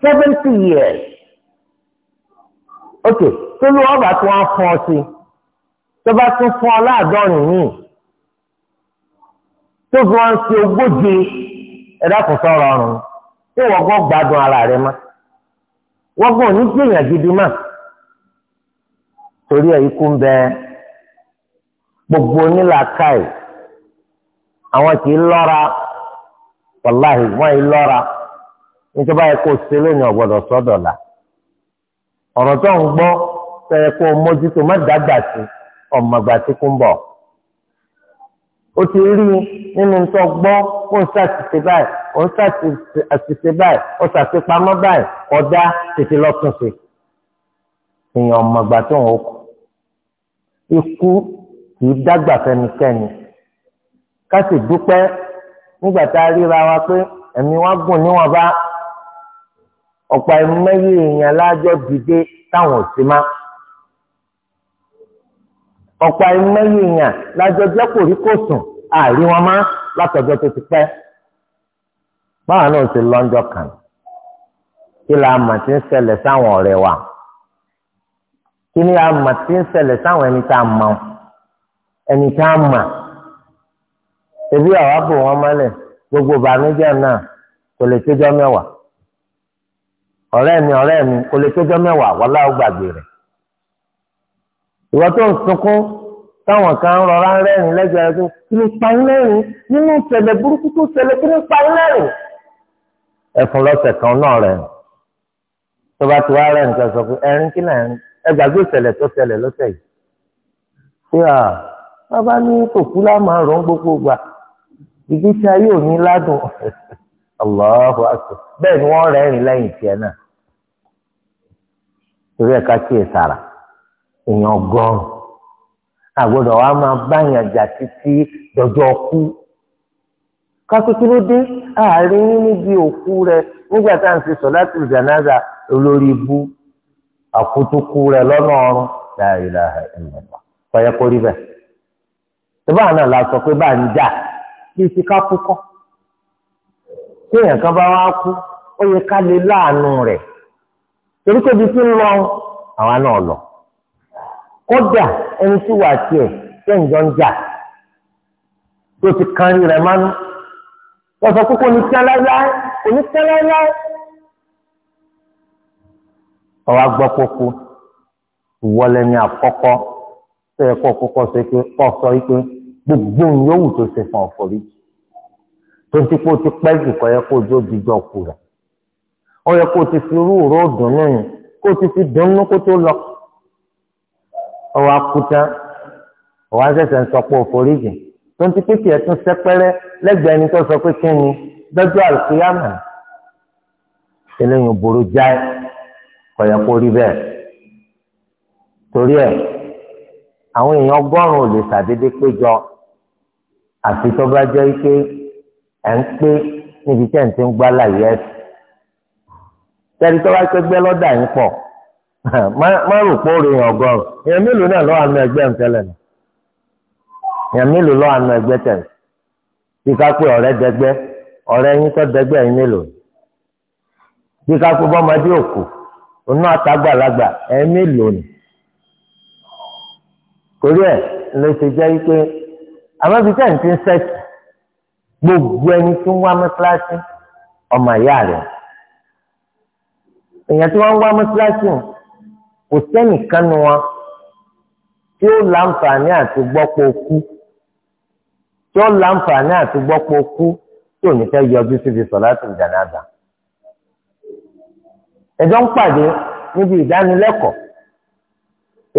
seventy years. ok tólu ọba tí wọn fún ọ sí tó bá tún fún ọ láàdọ́rin míì tó fi wọn ṣe ogójì ẹ̀dá kò sọ̀rọ̀ ọ̀run tí wọ́n gbọ́ gbádùn ara rẹ mọ́ wọ́n gbọ́ ní gbìyànjú gidi mọ́ torí ikú ń bẹ gbogbo onílàákàyè àwọn kì í wàláhì yìí nítorí ọ̀rọ̀ tó ń gbọ́ tẹ̀yẹ kó o mójútó má dàgbà sí ọ̀mọ̀gbà tí kò ń bọ̀. o ti rí nínú tó gbọ́ kó ń ṣàṣìṣe báyìí ó ń ṣàṣìṣe báyìí ó ṣàṣepamọ́ báyìí ọ̀dá tètè lọ́túnṣe. èèyàn ọ̀mọ̀gbà tó ń kú ikú kì í dàgbà fẹnikẹ́ni ká sì dúpẹ́ nígbà tá a ríra wa pé ẹ̀mí wa gùn níwọ̀n ọ̀pọ̀ ẹ̀mọ́yé èèyàn lájọ́ dìde táwọn ò sí ọ̀pọ̀ ẹ̀mọ́yé èèyàn lájọ́ jẹ́ kòríkòsùn àárí wọn má látọ̀jọ́ tó ti pẹ́. báwa náà ti lọ́njọ́ kan kí la mà ti ń ṣẹlẹ̀ sáwọn ọ̀rẹ́ wa kí ni a mà ti ń ṣẹlẹ̀ sáwọn ẹni tá a mọ̀ ẹni tá a mà ebi àwa bò wọn mọ́lẹ̀ gbogbo bàmíjẹ́ náà kò lè tójọ́ mẹ́wàá ọ̀rẹ́ mi ọ̀rẹ́ mi kò lè tójọ́ mẹ́wàá wọ́n láwọn gbàgbé rẹ̀ ìwọ tó ń sunkún táwọn kan ń rọra ń rẹ́rìn lẹ́gbẹ̀ẹ́ rẹ̀ tó kí ni panilẹ́rìn nínú ìṣẹ̀lẹ̀ burúkú tó ṣẹlẹ̀ kí ni panilẹ́rìn ẹ̀fún lọ́sẹ̀ kan náà rẹ̀ tó bá ti wá rẹ̀ nǹkan sọ pé ẹ̀rín kí náà ẹ̀rín ẹ gbàgbé ìṣẹ̀lẹ̀ tó ṣẹlẹ̀ lọ́sẹ̀ yìí ṣé à bàbá ní kòkú láàmú àrùn gbogbo gbà ìgbésí ayé ò ládùn [LAUGHS] Allahu bẹ́ẹ̀ ni wọ́n rẹ́rìn lẹ́yìn tiẹ̀ náà torí ẹ̀ka kíyè sára èèyàn gan-an àgbọ̀dọ̀ wa máa báyàn jà títí dọjọ́ kú kátó kí ló dé àárín níbi òkú rẹ nígbà tá à ń ṣe sọ̀láàtì jánásà olórí ibú àkútúkú rẹ lọ́nà ọ̀run la ilaha náà la sọ pé bá ń jà ti ká kú torí kò bí tí ń lọ àwa náà lọ kódà ẹni tí wàá tiẹ̀ sẹ́yìnjọ́ ń jà tó ti kan rẹ̀ mánú lọ́sọ̀ kókó ní tẹ́lẹ́lá òní tẹ́lẹ́lá ọ̀wá gbọ́ kókó ìwọlẹ̀ ní àkọ́kọ́ tó yẹ kó kókó ṣe pé kó sọ pé gbogbo ìyówù tó ṣe fún ọ̀fọ̀rí tó ti kó ti pẹ́ jù kọ́ yẹ kó ojú òbí jọ kù rẹ̀ ó yẹ kó o ti fi irú òró dùnnú yìí kó o ti fi dùnnú kó tó lọ ọwọ́ akuta ọwọ́ asẹ̀sẹ̀ ń sọpọ̀ òforíjì tó ń ti pé tiẹ̀ tún sẹ́pẹ́rẹ́ lẹ́gbẹ̀ẹ́ ẹni tó sọ pé kí ni lọ́jọ́ àlùkìyàmà eléyìí burú jáì kò yẹ kó rí bẹ́ẹ̀ torí ẹ̀ àwọn èèyàn ọgọ́rùn-ún ò lè ṣàdédé péjọ àfi tó bá jẹ́ pé ẹ̀ ń pé níbi tẹ̀ ń gbá láyé ẹ̀sìn tẹ́lí tó bá gbẹgbẹ́ lọ́dà yín pọ̀ [LAUGHS] má rò pé orin ọgọ́rùn èèyàn mélòó náà lọ́wọ́ àánú ẹgbẹ́ ntẹ́lẹ̀ nù èèyàn mélòó lọ́wọ́ àánú ẹgbẹ́ tẹ̀lé bí ká pé ọ̀rẹ́ dẹgbẹ́ ọ̀rẹ́ yín tó dẹgbẹ́ yín mélòó bí ká pé bọ́mọdé òkú oná àtàgbàlagbà ẹ̀ mélòó ni torí ẹ̀ ló ṣe jẹ́ pé àwọn ibi tẹ́ǹtì ń sẹ́ẹ̀tì gbogbo ẹni tí wá mọ́ kíláàsì ọmọ ìyá rẹ̀ èèyàn tí wọ́n ń wá mọ́ṣáláṣí wọn kò sẹ́nìkan nu wọn tí ó láǹfààní àti gbọ́pọ̀ kú tí ó láǹfààní àti gbọ́pọ̀ kú tí ò ní fẹ́ yọjú síbi sọ̀láàtì jánásà. ẹjọ́ ń pàdé níbi ìdánilẹ́kọ̀ọ́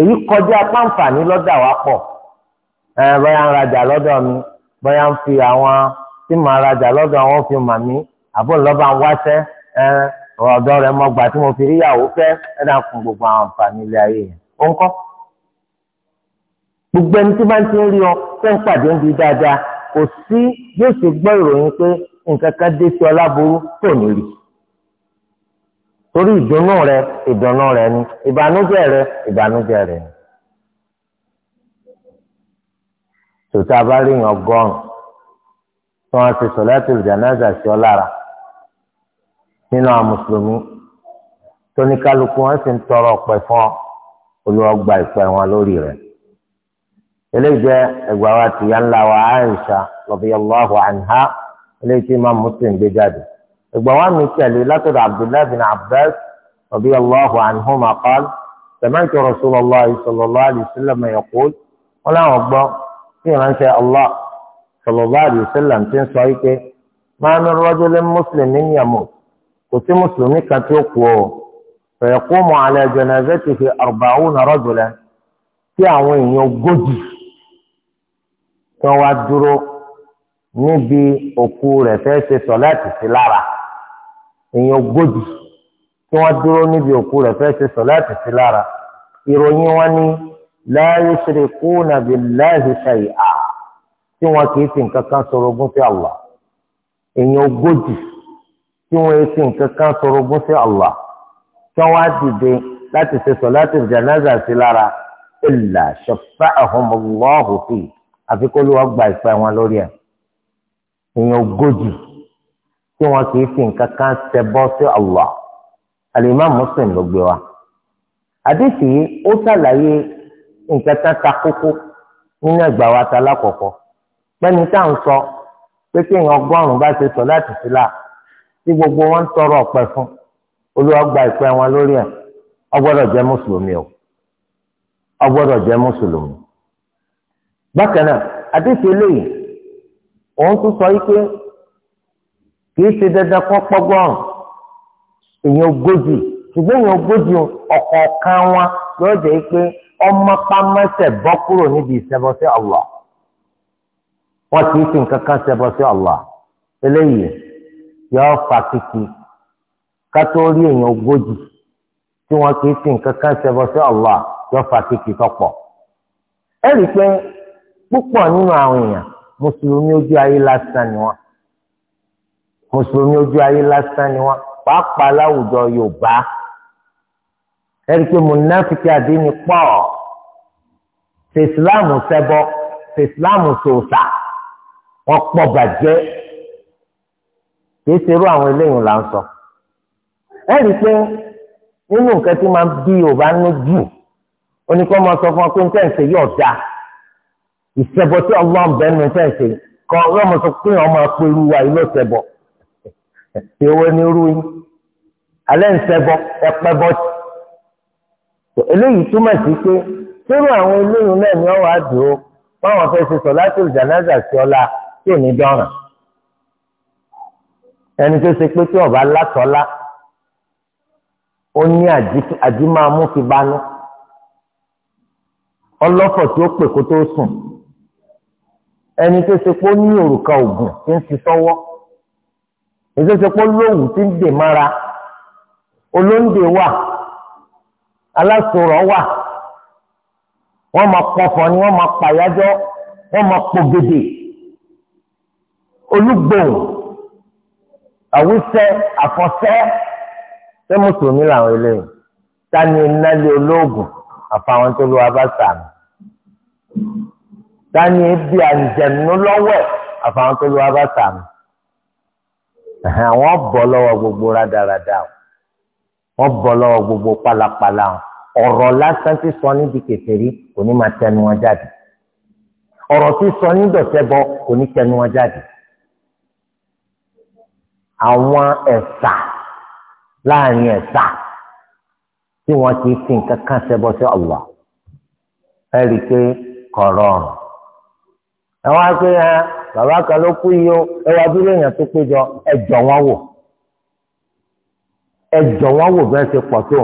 èyí kọjá pàǹfààní lọ́dà wa pọ̀ bóyá ń rajà lọ́dọ̀ mi bóyá ń fi àwọn tí màá rajà lọ́dọ̀ wọn fi mà mí àbọ̀ ńlọ́ba ń wáṣẹ́ ọ̀dọ́ rẹ mọ gbà tí mo fi ríyàwó fẹ́ ẹ dà kún gbogbo àwọn àǹfààní ilé ayé yẹn ó ń kọ́. gbogbo ẹni tí bá ń ti rí ọ fẹ́ ń pàdé ń di dáadáa kò sí yóò ṣe gbọ́ ìròyìn pé nǹkan kan dé sí ọ láburú tó ní rí torí ìdùnnú rẹ ìdùnnú rẹ ni ìbànújẹ́ rẹ ìbànújẹ́ rẹ ni. tòtá bá rí yàn ọgọ́rùn-ún tí wọ́n ti sọ̀látùl jánásà sí ọ lára nínú àwọn mùsùlùmí tóníkálukú wọn sì ń tọrọ ọpẹ́ fún olùọgbà ìpẹ wọn lórí rẹ̀ eléyìí jẹ́ ẹgbà wa tìyá ńlá wa Aisha radiyallahu anha eléyìí tí Imam Muslim gbé jáde ẹgbà wa mi tẹ̀lé látọ̀dọ̀ Abdullahi bin Abbas radiyallahu anhuma qala sami'tu Rasulullah sallallahu alayhi wa sallam yaqul wọn làwọn gbọ́ tí ìránṣẹ́ Allah sallallahu alayhi wa sallam ti ń sọ yìí pé ma min rajulin muslimin yamut kò sí mùsùlùmí kan tí ó kú o fayaqumu ala janazatihi arba'una rajulan tí àwọn èèyàn ogójì tí wọ́n wá dúró níbi òkú rẹ̀ fẹ́ ṣe sọ̀láàtì sí lára èèyàn ogójì tí wọ́n dúró níbi òkú rẹ̀ fẹ́ ṣe sọ̀láàtì sí lára ìròyìn wọn ni la yushrikuna billahi shay'a tí wọn kì í fi nǹkan kan ṣorogún sí Allah èèyàn ogójì tí wọ́n ṣe nǹkan kan sọ̀rọ̀ ogún sí Allah tí wọ́n á dìde láti ṣe sọ̀láàtì janaza sí lára illa shafa'ahum Allahu fi àfi kó ló wá gba ìfà wọn lórí ẹ̀ èèyàn ogójì tí wọ́n kì í fi nǹkan kan ṣẹbọ́ sí Allah al-Imam Muslim ló gbé wa àdìsí ó ṣàlàyé nǹkan tá ta kókó nínú ẹgbà wa ta lákọ̀ọ́kọ́ pẹ́ni tá à ń sọ pé kéèyàn ọgọ́rùn-ún bá ṣe sọ̀láàtì sí lára. tí gbogbo wọn ń tọrọ ọpẹ́ fún Olúwa gba ìpẹ́ wọn lórí ẹ̀ mùsùlùmí o ọgbọ́dọ̀ jẹ́ mùsùlùmí. bákan náà àdéhùn eléyìí òun tún sọ wípé kì í ṣe dandan kọ́ pọ́gọ́rùn èèyàn ogójì ṣùgbọ́n èèyàn ogójì ọ̀kọ̀ọ̀kan wọn jẹ́ pé ọmọ bọ́ kúrò níbi yọ fà kìkì kátó rí èèyàn ogójì tí wọn kì í fi nǹkan kan ṣẹbọ sí Allah yọ fà kìkì tọpọ ẹ rí i pé púpọ̀ nínú àwọn èèyàn mùsùlùmí ojú ayé lásán ni wọn mùsùlùmí ojú ayé lásán ni wọn pàápàá láwùjọ Yorùbá ẹ rí i pé mùnáfíkì àdínní pọ̀ ṣe ìsìláàmù ṣẹbọ ṣe ìsìláàmù ṣòṣà wọn pọ̀ bàjẹ́ kìí ṣe irú àwọn eléyìí là ń sọ ẹ rí i pé nínú nǹkan tí máa ń bí yorùbá ní jù oníkọ́ máa sọ fún ọ pé nǹkan ṣe yóò da ìṣẹ̀bọ tí ọlọ́run bẹ́ẹ̀ ní nǹkan ṣe kọ́ ọlọ́run máa sọ pé ọmọ apẹ̀rù wa ilé ìṣẹ̀bọ ìwé ni irú yín alẹ́ ń ṣẹbọ eléyìí túmọ̀ sí pé sírù àwọn eléyìí náà ni wọ́n wá dùn ó báwọn fẹ́ ṣe sọ láti ìjànáza sí ọlá tí ò ní dọ́ràn ẹni tó ṣe pé tí ọba látọlá ó ní àdìmáàmú fi banú ọlọ́fọ̀ tí ó pè kó tó sùn ẹni tó ṣe pé ó ní òrùka ògùn tí ń fi sọ́wọ́ èyí tó ṣe pé ó tí ń dè mára olóńdè wà aláṣọrọ wà wọ́n máa pọfọ ni wọ́n máa pàyájọ́ wọ́n máa pògèdè olúgbòhùn àwísẹ́ àfọ̀sẹ́ ṣé mùsùlùmí làwọn eléyìí tani nálé olóògùn àfàwọn tó lu abáṣà mi tani bí àǹjẹ̀nu lọ́wọ́ àfàwọn tó lu abáṣà mi àwọn bọ́ lọ́wọ́ gbogbo rádaràda wọ́n bọ́ lọ́wọ́ gbogbo pálapàla ọ̀rọ̀ lásán ti sọ níbi kèfèrí kò ní máa tẹnu wọn jáde ọ̀rọ̀ ti sọ ní dọ̀tẹ́bọ kò ní tẹnu wọn jáde àwọn ẹ̀sà láàrin ẹ̀sà tí wọ́n ti fi nǹkan kan ṣẹbọ sí Allah ẹ rí i pé kọ̀rọ̀ ọ̀rùn. àwọn akéwì hàn bàbá kan ló kú yìí ó ẹ wá dúró èèyàn tó péjọ ẹ jọ wọn wò ẹ jọ wọn wò bẹ́ẹ̀ ṣe pọ̀ tó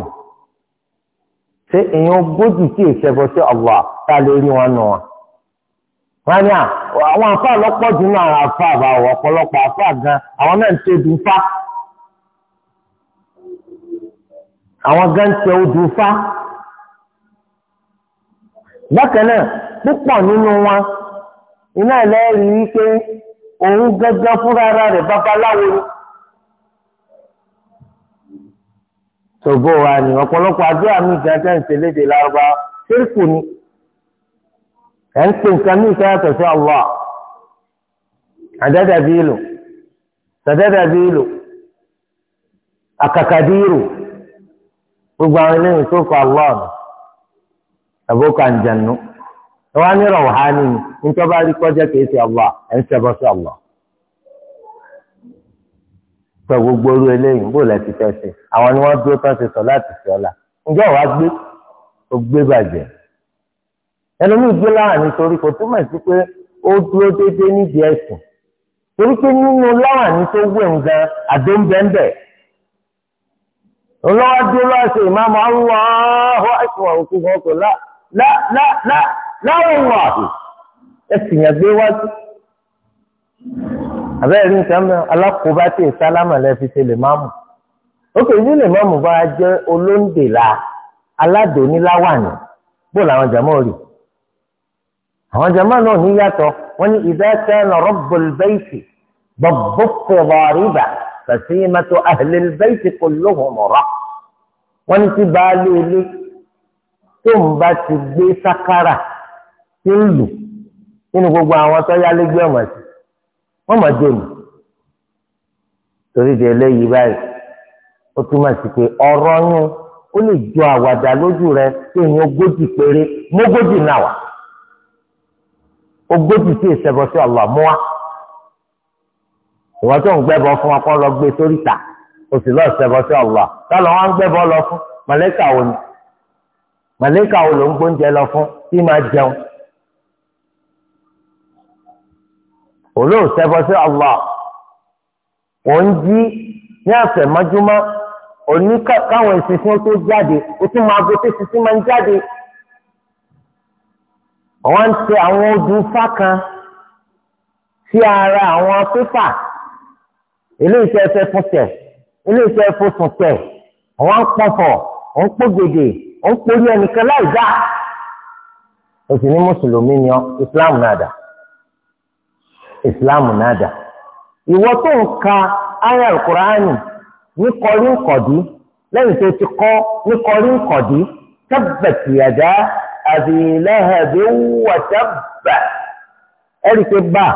ṣé èèyàn ogójì tí ì sí Allah tá a lè rí wọn nù wọn wọ́n ní àwọn àfa lọ́pọ̀ jù náà àwọn àfa àbàwọ̀ ọ̀pọ̀lọpọ̀ àfa gan àwọn náà ń tẹ odù fa àwọn gan ń tẹ odù fa bákan náà púpọ̀ nínú wọn iná ẹlẹ́rìí wípé òun gángan fúnra ara rẹ̀ babaláwo ni. tòbó wa ni ọ̀pọ̀lọpọ̀ àdúrà mi gángan ń ṣe léde lárúbá ṣírkù ni ẹ̀ ń pè nǹkan ní ìtọ́ yàtọ̀ sí Allah àdádàbílù sàdádàbílù àkàkàdírù gbogbo àwọn eléyìí tó kọ Allah àbókọ àǹjànú wọn ní rọwàhání nítorí bá rí kọjá kìí ṣe Allah ẹ̀ ń ṣẹbọ sí Allah sọ gbogbo orú eléyìí bó lẹ ti fẹ́ àwọn ni wọ́n dúró tán ṣe sọ láti ṣe ọ́la ǹjẹ́ wàá gbé ó gbé bàjẹ́. ẹlòmíì gbé láwàní torí kò túmọ̀ sí pé ó dúró déédéé nídìí ẹ̀sìn torí pé nínú láwàní tó wé nǹkan àdó ń bẹ́ẹ̀ bẹ́ẹ̀ ìmáàmù kò wà ẹ̀sìn gbé wájú àbẹ́rẹ́ nǹkan alákòóbá tí ì sálámà ṣe lè máàmù ókè àwọn jama náà ní yàtọ̀ wọn ní idha kana rabbul bayti babbuku dhariba fasimatu ahlil bayti kulluhum raq wọn ní ti baálé ilé tó ń bá ti gbé sákàrà tí ń lù nínú gbogbo àwọn tó yálé gbé ọmọ sí wọn mọ dé mi torí di eléyìí báyìí ó túmọ̀ sí pé ọ̀rọ̀ yín ó lè jọ àwàdà lójú rẹ pé èèyàn ogójì péré mógójì náà wà ogójì sí ìṣẹbọ sí ọlọ mú wa ìwọ tó ń gbẹbọ fún wọn kọ lọ gbé sórí ta o sì lọ ṣẹbọ sí ọlọ tọlọ wọn ń gbẹbọ lọ fún mọlẹka wo ni mọlẹka wo ló ń gbóúnjẹ lọ fún tí máa jẹun olóò ṣẹbọ sí ọlọ òun jí ní àfẹmọjúmọ oníkàwọn ìsinsin tó jáde o tún máa gbé tó ìsinsin máa ń jáde. àwọn ń tẹ àwọn ojú kan sí ara àwọn pépà iléeṣẹ́ ẹsẹ̀ fún iléeṣẹ́ ẹfún sùn àwọn ń pọ̀fọ̀ ò ń ń o ní mùsùlùmí ni ọ islam náà islam ìwọ tó ń ka ayé alukur'ani ní kọrí nkọ̀dí lẹ́yìn tó ti kọ́ ní kọrí àbí lẹ́hẹ̀dẹ́ wọ̀tẹ́ bà ẹ̀rí pé bà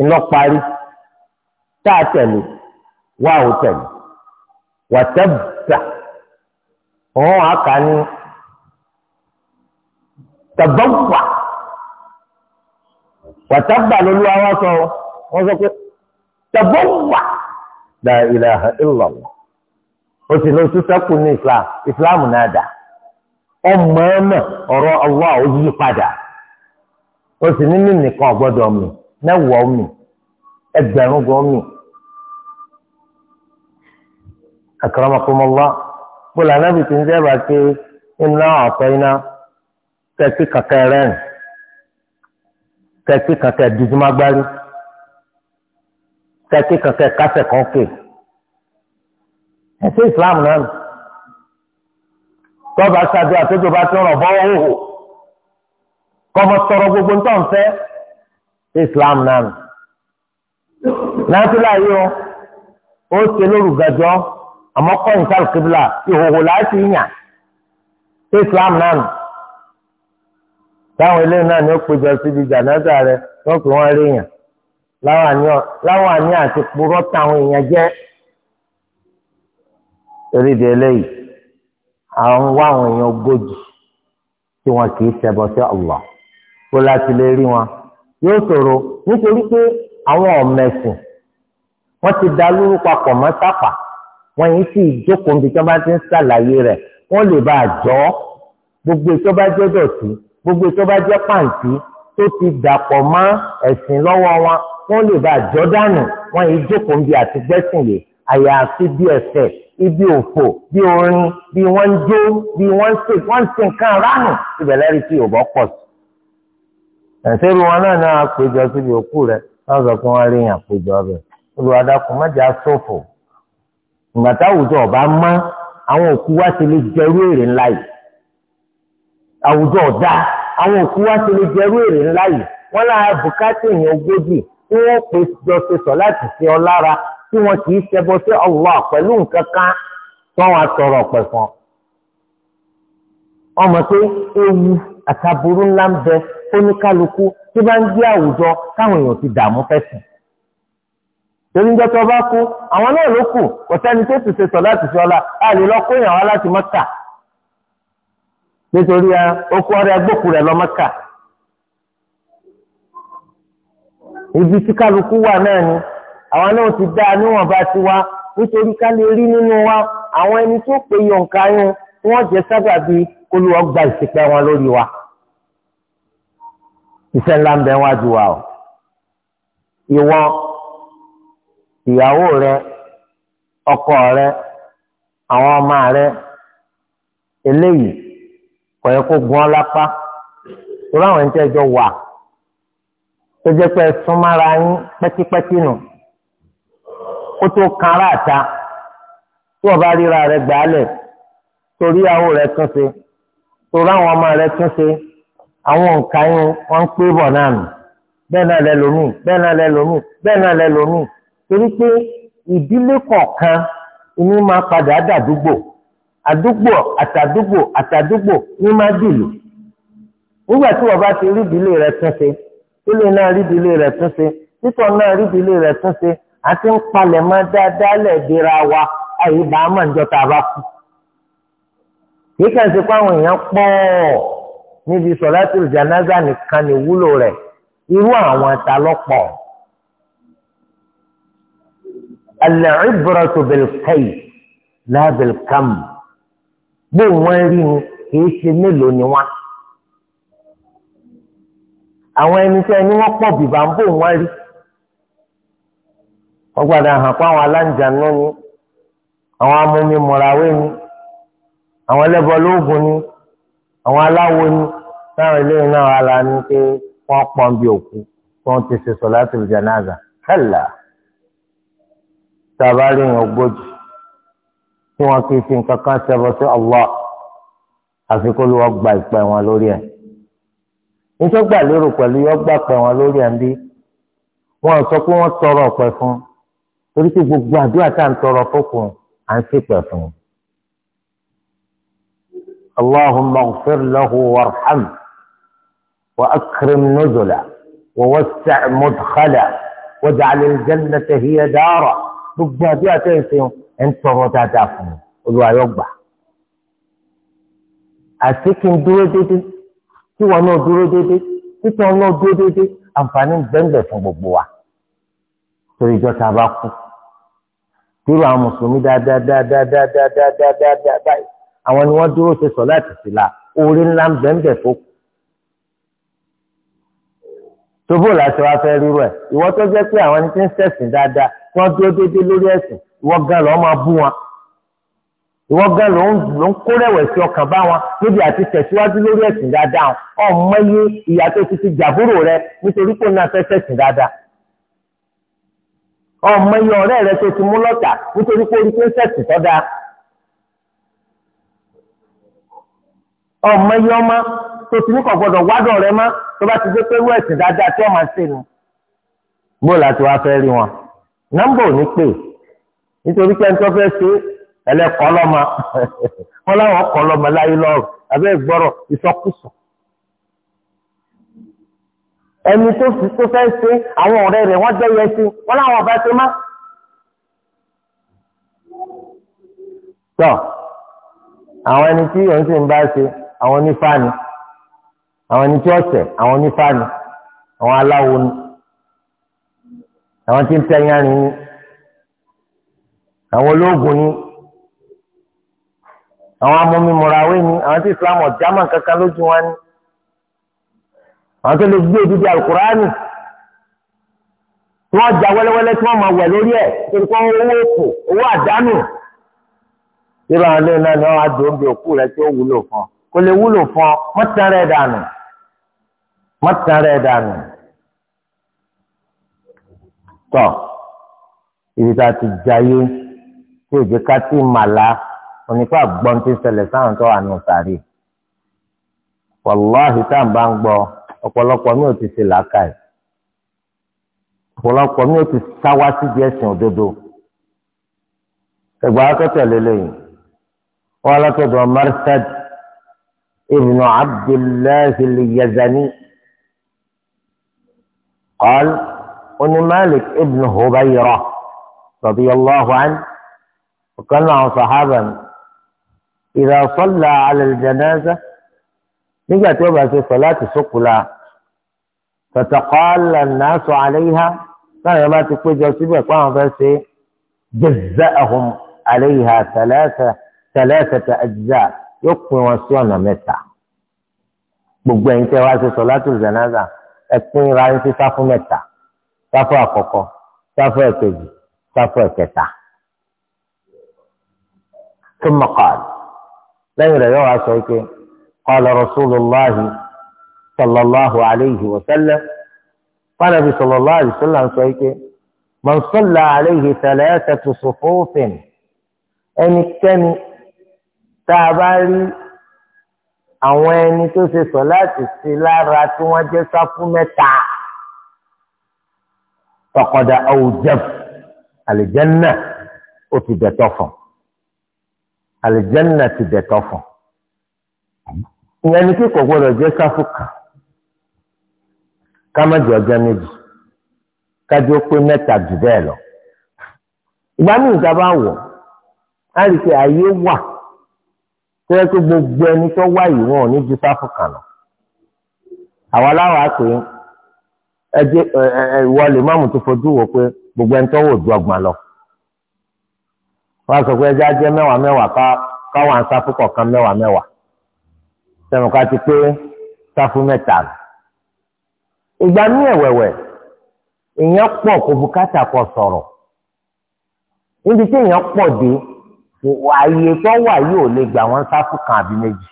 iná parí tá a tẹ̀lé wá ò tẹ̀lé wọ̀tẹ́ bà òun àkà ní tẹ̀bọ̀gbà wọ̀tẹ́ bà lóluwà wọ́n sọ wọ́n sọ pé tẹ̀bọ̀gbà la ilaha illallah o sì lọ sí ní islam islam náà dáa ọmọ ẹ̀mọ̀ ọ̀rọ̀ Allah ò yí padà o sì ní nìkan ọ̀gbọ́dọ̀ mi mẹ́wàá mi ẹgbẹ̀rún gan mi. akramakumullah bọ́lá anábì tí ń dẹ́ba pé iná ọ̀tọ̀ iná kẹ́kí kàkẹ́ rẹ́rìn kẹ́kí kàkẹ́ dùdùmágbárí kẹ́kí kàkẹ́ kásẹ̀ kan ẹ̀sìn Islam náà tọ́ba ṣáájú àtọ́jọ́ bá ti rọ̀ bọ́ òhò kọ́mọ sọ̀rọ̀ gbogbo ń tàn fẹ́ Islam náà nù. nàìjíríà yìí ó ṣe lórúgàjọ́ àmọ́ kọ́yìn sálùkìbìlà ìhòhò láti yàn Islam náà nù. táwọn eléyìí náà ni ó péjọ síbi jàǹdà rẹ wọ́n pè wọ́n rí yàn láwọn àní àti purọ́ táwọn èèyàn jẹ́ torí eléyìí àwọn wá àwọn èèyàn ogójì tí wọn kì í ṣẹbọ sí Allah kó láti lè rí wọn yóò ṣòro nítorí pé àwọn ọ̀mẹ̀sìn wọ́n ti da lóru papọ̀ mọ́ sápà wọ́n yìí sì jókòó níbi tí wọ́n bá ti ń ṣàlàyé rẹ̀ wọ́n lè bá a jọ ọ́ gbogbo ètò bá jẹ́ dọ̀tí gbogbo ètò bá jẹ́ pàǹtí tó ti dàpọ̀ mọ́ ẹ̀sìn lọ́wọ́ wọn wọ́n lè bá a jọ dànù wọ́n yìí jókòó níbi àti gbẹ́sìn yìí àyàfi bí ẹ̀ṣẹ̀ ibi òfò bí orin bí wọ́n ń jó bí wọ́n ń ṣe wọ́n ń ṣe nǹkan ránù ibẹ̀ lẹ́rìí tí yòòbọ̀ pọ̀ sí. ẹ̀sẹ̀rù wọn náà náà péjọ síbi òkú rẹ̀ náà sọ pé wọ́n rí yàn péjọ rẹ̀ olùwàdàkùn mẹ́jọ sófò ìgbà táwùjọ ọba mọ́ àwọn òkú wa ti lè jẹrú èrè ńlá yìí àwùjọ ọ̀dá àwọn òkú wa ti lè jẹrú èrè ńlá yìí wọ́n lára bùkátì èèyàn ogójì tí wọ́n pè jọ ṣe sọ láti ṣe ọ lára tí wọn kì í ṣẹbọ sí Allah pẹ̀lú nǹkan kan tí wọn sọ̀rọ̀ pẹ̀ fún ọ. ọmọ pé ewu àtàbùrú ńlá ń bẹ oníkálukú tí bá ń gbé àwùjọ káwọn èèyàn ti dààmú fẹsùn. torí ńjọ́ tó bá kú àwọn náà ló kù kò sẹ́ni tó ti ṣe sọ láti fi ọlá a lọ kó èèyàn wá láti Mọ́kà nítorí okú ọrẹ agbókù rẹ lọ Mọ́kà. ibi tí kálukú wà náà ni àwọn náà ti dá níwọ̀n bá ti wá nítorí ká lè rí nínú wa àwọn ẹni tó pe yọǹkà yẹn wọn jẹ sábàbí kólúwọ gba ìsìnkú wọn lórí wa iṣẹ́ ńlá ń bẹ wájú wa o ìwọ ìyàwó rẹ ọkọ rẹ àwọn ọmọ rẹ eléyìí kò yẹ kó gun ọ lápá torí àwọn ẹni tẹ́ jọ wà tó jẹ́ pé súnmọ́ra yín pẹ́kípẹ́kí nù. No kó tó kan aráàta tí wọ́n bá ríra rẹ̀ gbàálẹ̀ torí àwọn rẹ̀ tún ṣe torí àwọn ọmọ rẹ̀ tún ṣe àwọn nǹkan yẹn wọ́n ń pé bọ̀ náà nù bẹ́ẹ̀ náà lẹ lómi bẹ́ẹ̀ náà lẹ lómi bẹ́ẹ̀ náà lẹ lómi torí pé ìdílé kọ̀ọ̀kan ni máa padà dàdúgbò àdúgbò àtàdúgbò àtàdúgbò ní máa dìlù nígbà tí wọ́n bá ti rí ìdílé rẹ̀ tún ṣe ilé náà rí ìdílé rẹ̀ tún ṣe títọ́ náà rí ìdílé rẹ̀ tún ṣe àti ń palẹ̀ mọ́ dáadáa lẹ́ẹ̀dẹ́ra wa àyè bá a máa ń jọta bá kú. kìí kàn sí pé àwọn èèyàn pọ̀ níbi sọ̀látùl jánásà nìkan ní wúlò rẹ̀ irú àwọn ta lọ́pọ̀. al-ibratu bil-kayf la bil-kam bó wọ́n rí ni kìí ṣe mélòó ni wọ́n. àwọn ẹni tẹ́ wọ́n pọ̀ bìbá ń bò wọ́n rí wọ́n gbàdá hàn pé àwọn aláǹjànú ni àwọn amúnimọ̀ràwé ni àwọn ẹlẹ́bọ lóògùn ni àwọn aláwo ni táwọn eléyìí náà wà lára ní pé wọ́n pọ́n bí òkú tó ń ti ṣe sọ̀látùl jánásà kẹ́là tàbárí yẹn ogójì tí wọ́n kì í fi nǹkan kan ṣẹbọ sí Allah àfi kó ló wọ́n gba ìpẹ́ wọn lórí ẹ̀ nítorí gbà lérò pẹ̀lú yọ gbà pẹ́ wọn lórí ẹ̀ ń bí wọ́n sọ pé wọ́n tọrọ ọ̀pẹ fún un torí pé gbogbo àdúrà tá à ń tọrọ fókun à ń ṣèpè fún un. اللهم اغفر له وارحمه وأكرم نزله ووسع مدخله واجعل الجنة هي داره gbogbo àdúrà tẹ̀ ń sẹ́yìn ẹ̀ ń tọrọ dáadáa fún un olúwa yóò gbà àti kí n dúró dédé kí wọn náà dúró dédé títí wọn náà dúró dédé àǹfààní bẹ́ńbẹ̀ fún gbogbo wa torí ìjọ tá a bá kú irú àwọn mùsùlùmí dáadáadáadáadáadáadáa báyìí àwọn ni wọ́n dúró ṣe sọ láti sì la orí ńlá ń bẹ̀ ń bẹ̀ fó. tóbó làṣẹ wa fẹ́ rírọ ẹ̀ ìwọ́n tó jẹ́ pé àwọn ẹni tí ń ṣẹ̀sìn dáadáa tí wọ́n dúró déédéé lórí ẹ̀sìn ìwọ́n gan lọ́ọ́ máa bú wọn ìwọ́n gan ló ń kó rẹ̀wẹ̀sì ọkàn bá wọn níbi àti tẹ̀síwájú lórí ẹ̀sìn dáadáa ọ̀mọ́yé ìyàtọ̀ ti ti jàbúrò rẹ nítorí pé ó ń na fẹ́ ṣẹ̀sìn ọmọ iye ọ̀rẹ́ rẹ tó ti mú lọ́tà nítorí pé orí píńsẹ̀sì tọ́da ọmọ iye ọmọ tó ti ní kọ̀ gbọ́dọ̀ wádọ̀ rẹ mọ́ tó ti dé pé irú ẹ̀sìn dáadáa tí wọ́n máa ṣe nu. bó láti wá wọn nọ́mbà ò ní pè nítorí pé ẹni tó fẹ́ ṣe [LAUGHS] wọn láwọn láyé lọ́rùn ìgbọ́rọ̀ ìsọkúsọ ẹni tó fi tó fẹ́ ṣe àwọn ọ̀rẹ́ rẹ̀ wọ́n jẹ́yẹ sí wọn láwọn ọba ṣe má. tọ́ àwọn ẹni tí òun sì ń bá ṣe àwọn onífàáni àwọn ẹni tí ọ̀sẹ̀ àwọn onífàáni àwọn aláwo ni àwọn tí ń tẹ́ yánrin ni àwọn ológun ni àwọn amúmimọ̀ra wé ni àwọn tí Islam ọ̀já mọ̀ kankan lójú wọn ni àwọn tó lè gbé odidi alukurani tí wọ́n ja wẹ́lẹ́wẹ́lẹ́ tí wọ́n máa wẹ̀ lórí ẹ̀ torí kọ́ owó òkú owó àdánù irú àwọn ilé náà ni wọ́n á dùn bí òkú rẹ tí ó wúlò fún ọ kò lè wúlò fún ọ mọ́tẹ́rẹ́ dànù mọ́tẹ́rẹ́ dànù tọ́ ibi tá a ti jayé tí òjò ká tí màlá onípa gbọ́n ti ṣẹlẹ̀ sáwọn tó wà nù sàrí wàláhì tá à ń bá ń gbọ́ ọ̀pọ̀lọpọ̀ mi ò ti ṣe làákàyè ọ̀pọ̀lọpọ̀ mi ò ti sáwá sí di ẹ̀sìn òdodo ẹgbẹ́ akẹ́kọ̀ọ́ lélẹ́yìn wọn alátọ́dọ̀ marsad ibn abdullahi yazani قال أن مالك ابن هبيرة رضي الله عنه وكان مع صحابا إذا صلى على الجنازة nígbà tí wọ́n bá ṣe sọ̀láàtì sókùlà tọ̀tọ̀kọ́lá náà sọ àléyá táwọn yẹn bá ti péjọ síbẹ̀ pé àwọn fẹ́ ṣe jazza'ahum àléyá tẹ̀lẹ́sẹ̀tẹ̀ ajza yóò pin wọn sí ọ̀nà mẹ́ta gbogbo ẹ̀yin tẹ́ wá ṣe sọ̀láàtì janaza ẹ̀pin ra ẹni sí sáfù mẹ́ta sáfù àkọ́kọ́ sáfù ẹ̀kejì sáfù ẹ̀kẹta tó mọ̀kàlù lẹ́yìn rẹ̀ yóò wá sọ pé. قال رسول الله صلى الله عليه وسلم قال النبي صلى الله عليه وسلم من صلى عليه ثلاثة صفوف ẹni كان tá a bá rí àwọn ẹni tó ṣe sọ láti ṣe lára tí wọ́n jẹ́ sáfù mẹ́ta tọkọdà awùjẹf àlìjẹ́nà ó ti dẹ̀tọ̀ fún àlìjẹ́nà ti dẹ̀tọ̀ fún ìyẹn ni kíkọ̀ gbọ́dọ̀ jẹ́ sáfùkà ká má jẹ ọjọ́ méjì kájú ó pé mẹ́ta jù bẹ́ẹ̀ lọ. ìgbà míì ìta bá wọ̀ á rí i pé ààyè wà tó yẹ kó gbogbo ẹni tó wá yìí wọn ò ní ju sáfùkà lọ. àwa láwa pé ẹjẹ ẹ ìwọ lè má tó fojú wò pé gbogbo ẹni tó wò ju ọgbọ̀n lọ. wọ́n sọ pé ẹjẹ́ á jẹ́ mẹ́wàá mẹ́wàá káwọn asáfùkọ̀ kan mẹ́wàá mẹ́wàá sẹ́mùká ti pé sáfù mẹ́ta. ìgbà ní ẹ̀wẹ̀wẹ̀ èèyàn pọ̀ kò bùkátà kọ sọ̀rọ̀ níbi tí èèyàn pọ̀ dé ààyè tó wà yìí ò lè gbà wọ́n sáfù kan àbí méjì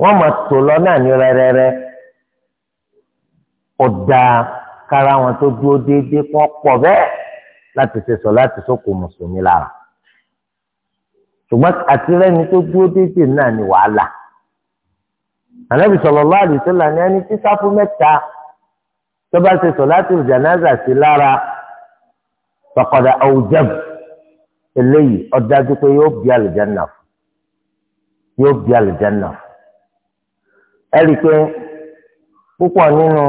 wọ́n mọ̀ tó lọ náà ní rẹ́rẹ́rẹ́ ọ̀dà kára wọn tó dúró déédéé kọ́ pọ̀ bẹ́ẹ̀ láti ṣe sọ láti sókò mùsùlùmí lára ṣùgbọ́n àtirẹ́ni tó dúró déédéé náà ni wàhálà ànábì sallallahu alaihi wasallam ní ẹni tí sáfù mẹ́ta tó bá ṣe sọ̀látù jànáza sí lára faqad awjab eléyìí ó dájú pé yóò bí àlùjáná yóò bí àlùjáná ẹ rí i pé púpọ̀ nínú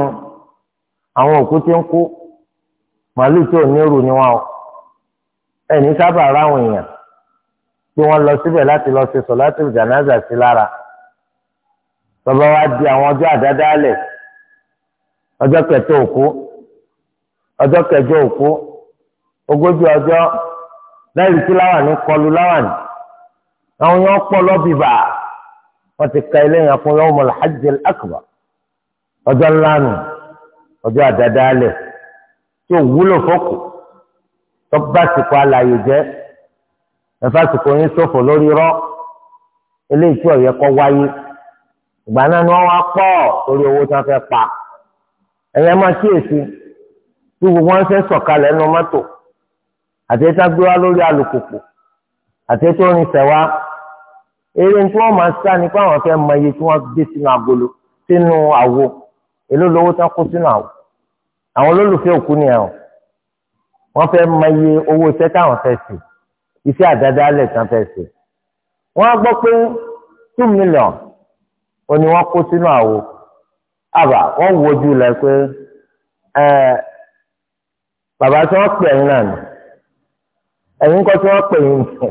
àwọn òkú tí ń kú màálù tó nírù ni wọn ẹni sábà ráwọn èèyàn pé wọ́n lọ síbẹ̀ láti lọ ṣe sọ̀láṣì jànáza sí lára bàbá wa di àwọn ọjọ́ àdádálẹ̀ ọjọ́ kẹtọ òkú ọjọ́ kẹjọ òkú ogójì ọjọ́ lẹ́yìn tí láwàní kọlu láwàní àwọn yẹn pọ̀ lọ́bìbà wọ́n ti ka ilé yẹn fún yawmul hajjil akbar ọjọ́ ńlá nù ọjọ́ àdádálẹ̀ tí wúlò fọ́kù tó bá ti kọ́ àlàyé jẹ́ ẹ̀fà sìkò yín ṣòfò lórí rọ́ eléyìí tí ọ̀yẹ́ kọ́ wáyé ìgbà náà ni wọ́n wá pọ̀ torí owó tí wọ́n fẹ́ pa ẹ̀yẹ́ máa kíyèsí tí gbogbo wọn ṣe sọ̀kalẹ̀ nínú mọ́tò àti tá gbé wá lórí alùpùpù àti tó ń sẹ̀ wá eré tí wọ́n máa sá ni pé àwọn fẹ́ mọ iye tí wọ́n gbé sínú agolo sínú àwo èló lówó tán kó sínú àwo àwọn olólùfẹ́ òkú ni ẹ̀ wọ́n fẹ́ mọ iye owó iṣẹ́ táwọn fẹ́ sè é iṣẹ́ àdádálẹ̀ kan fẹ́ ṣe wọ́n á gbọ́ pé two million ó ní wọ́n kó sínú àwo àbà wọ́n wojú lẹ pé bàbá tí wọ́n pè ẹ̀yin náà nù ẹ̀yin kọ́ tí wọ́n pè ẹ̀yin nù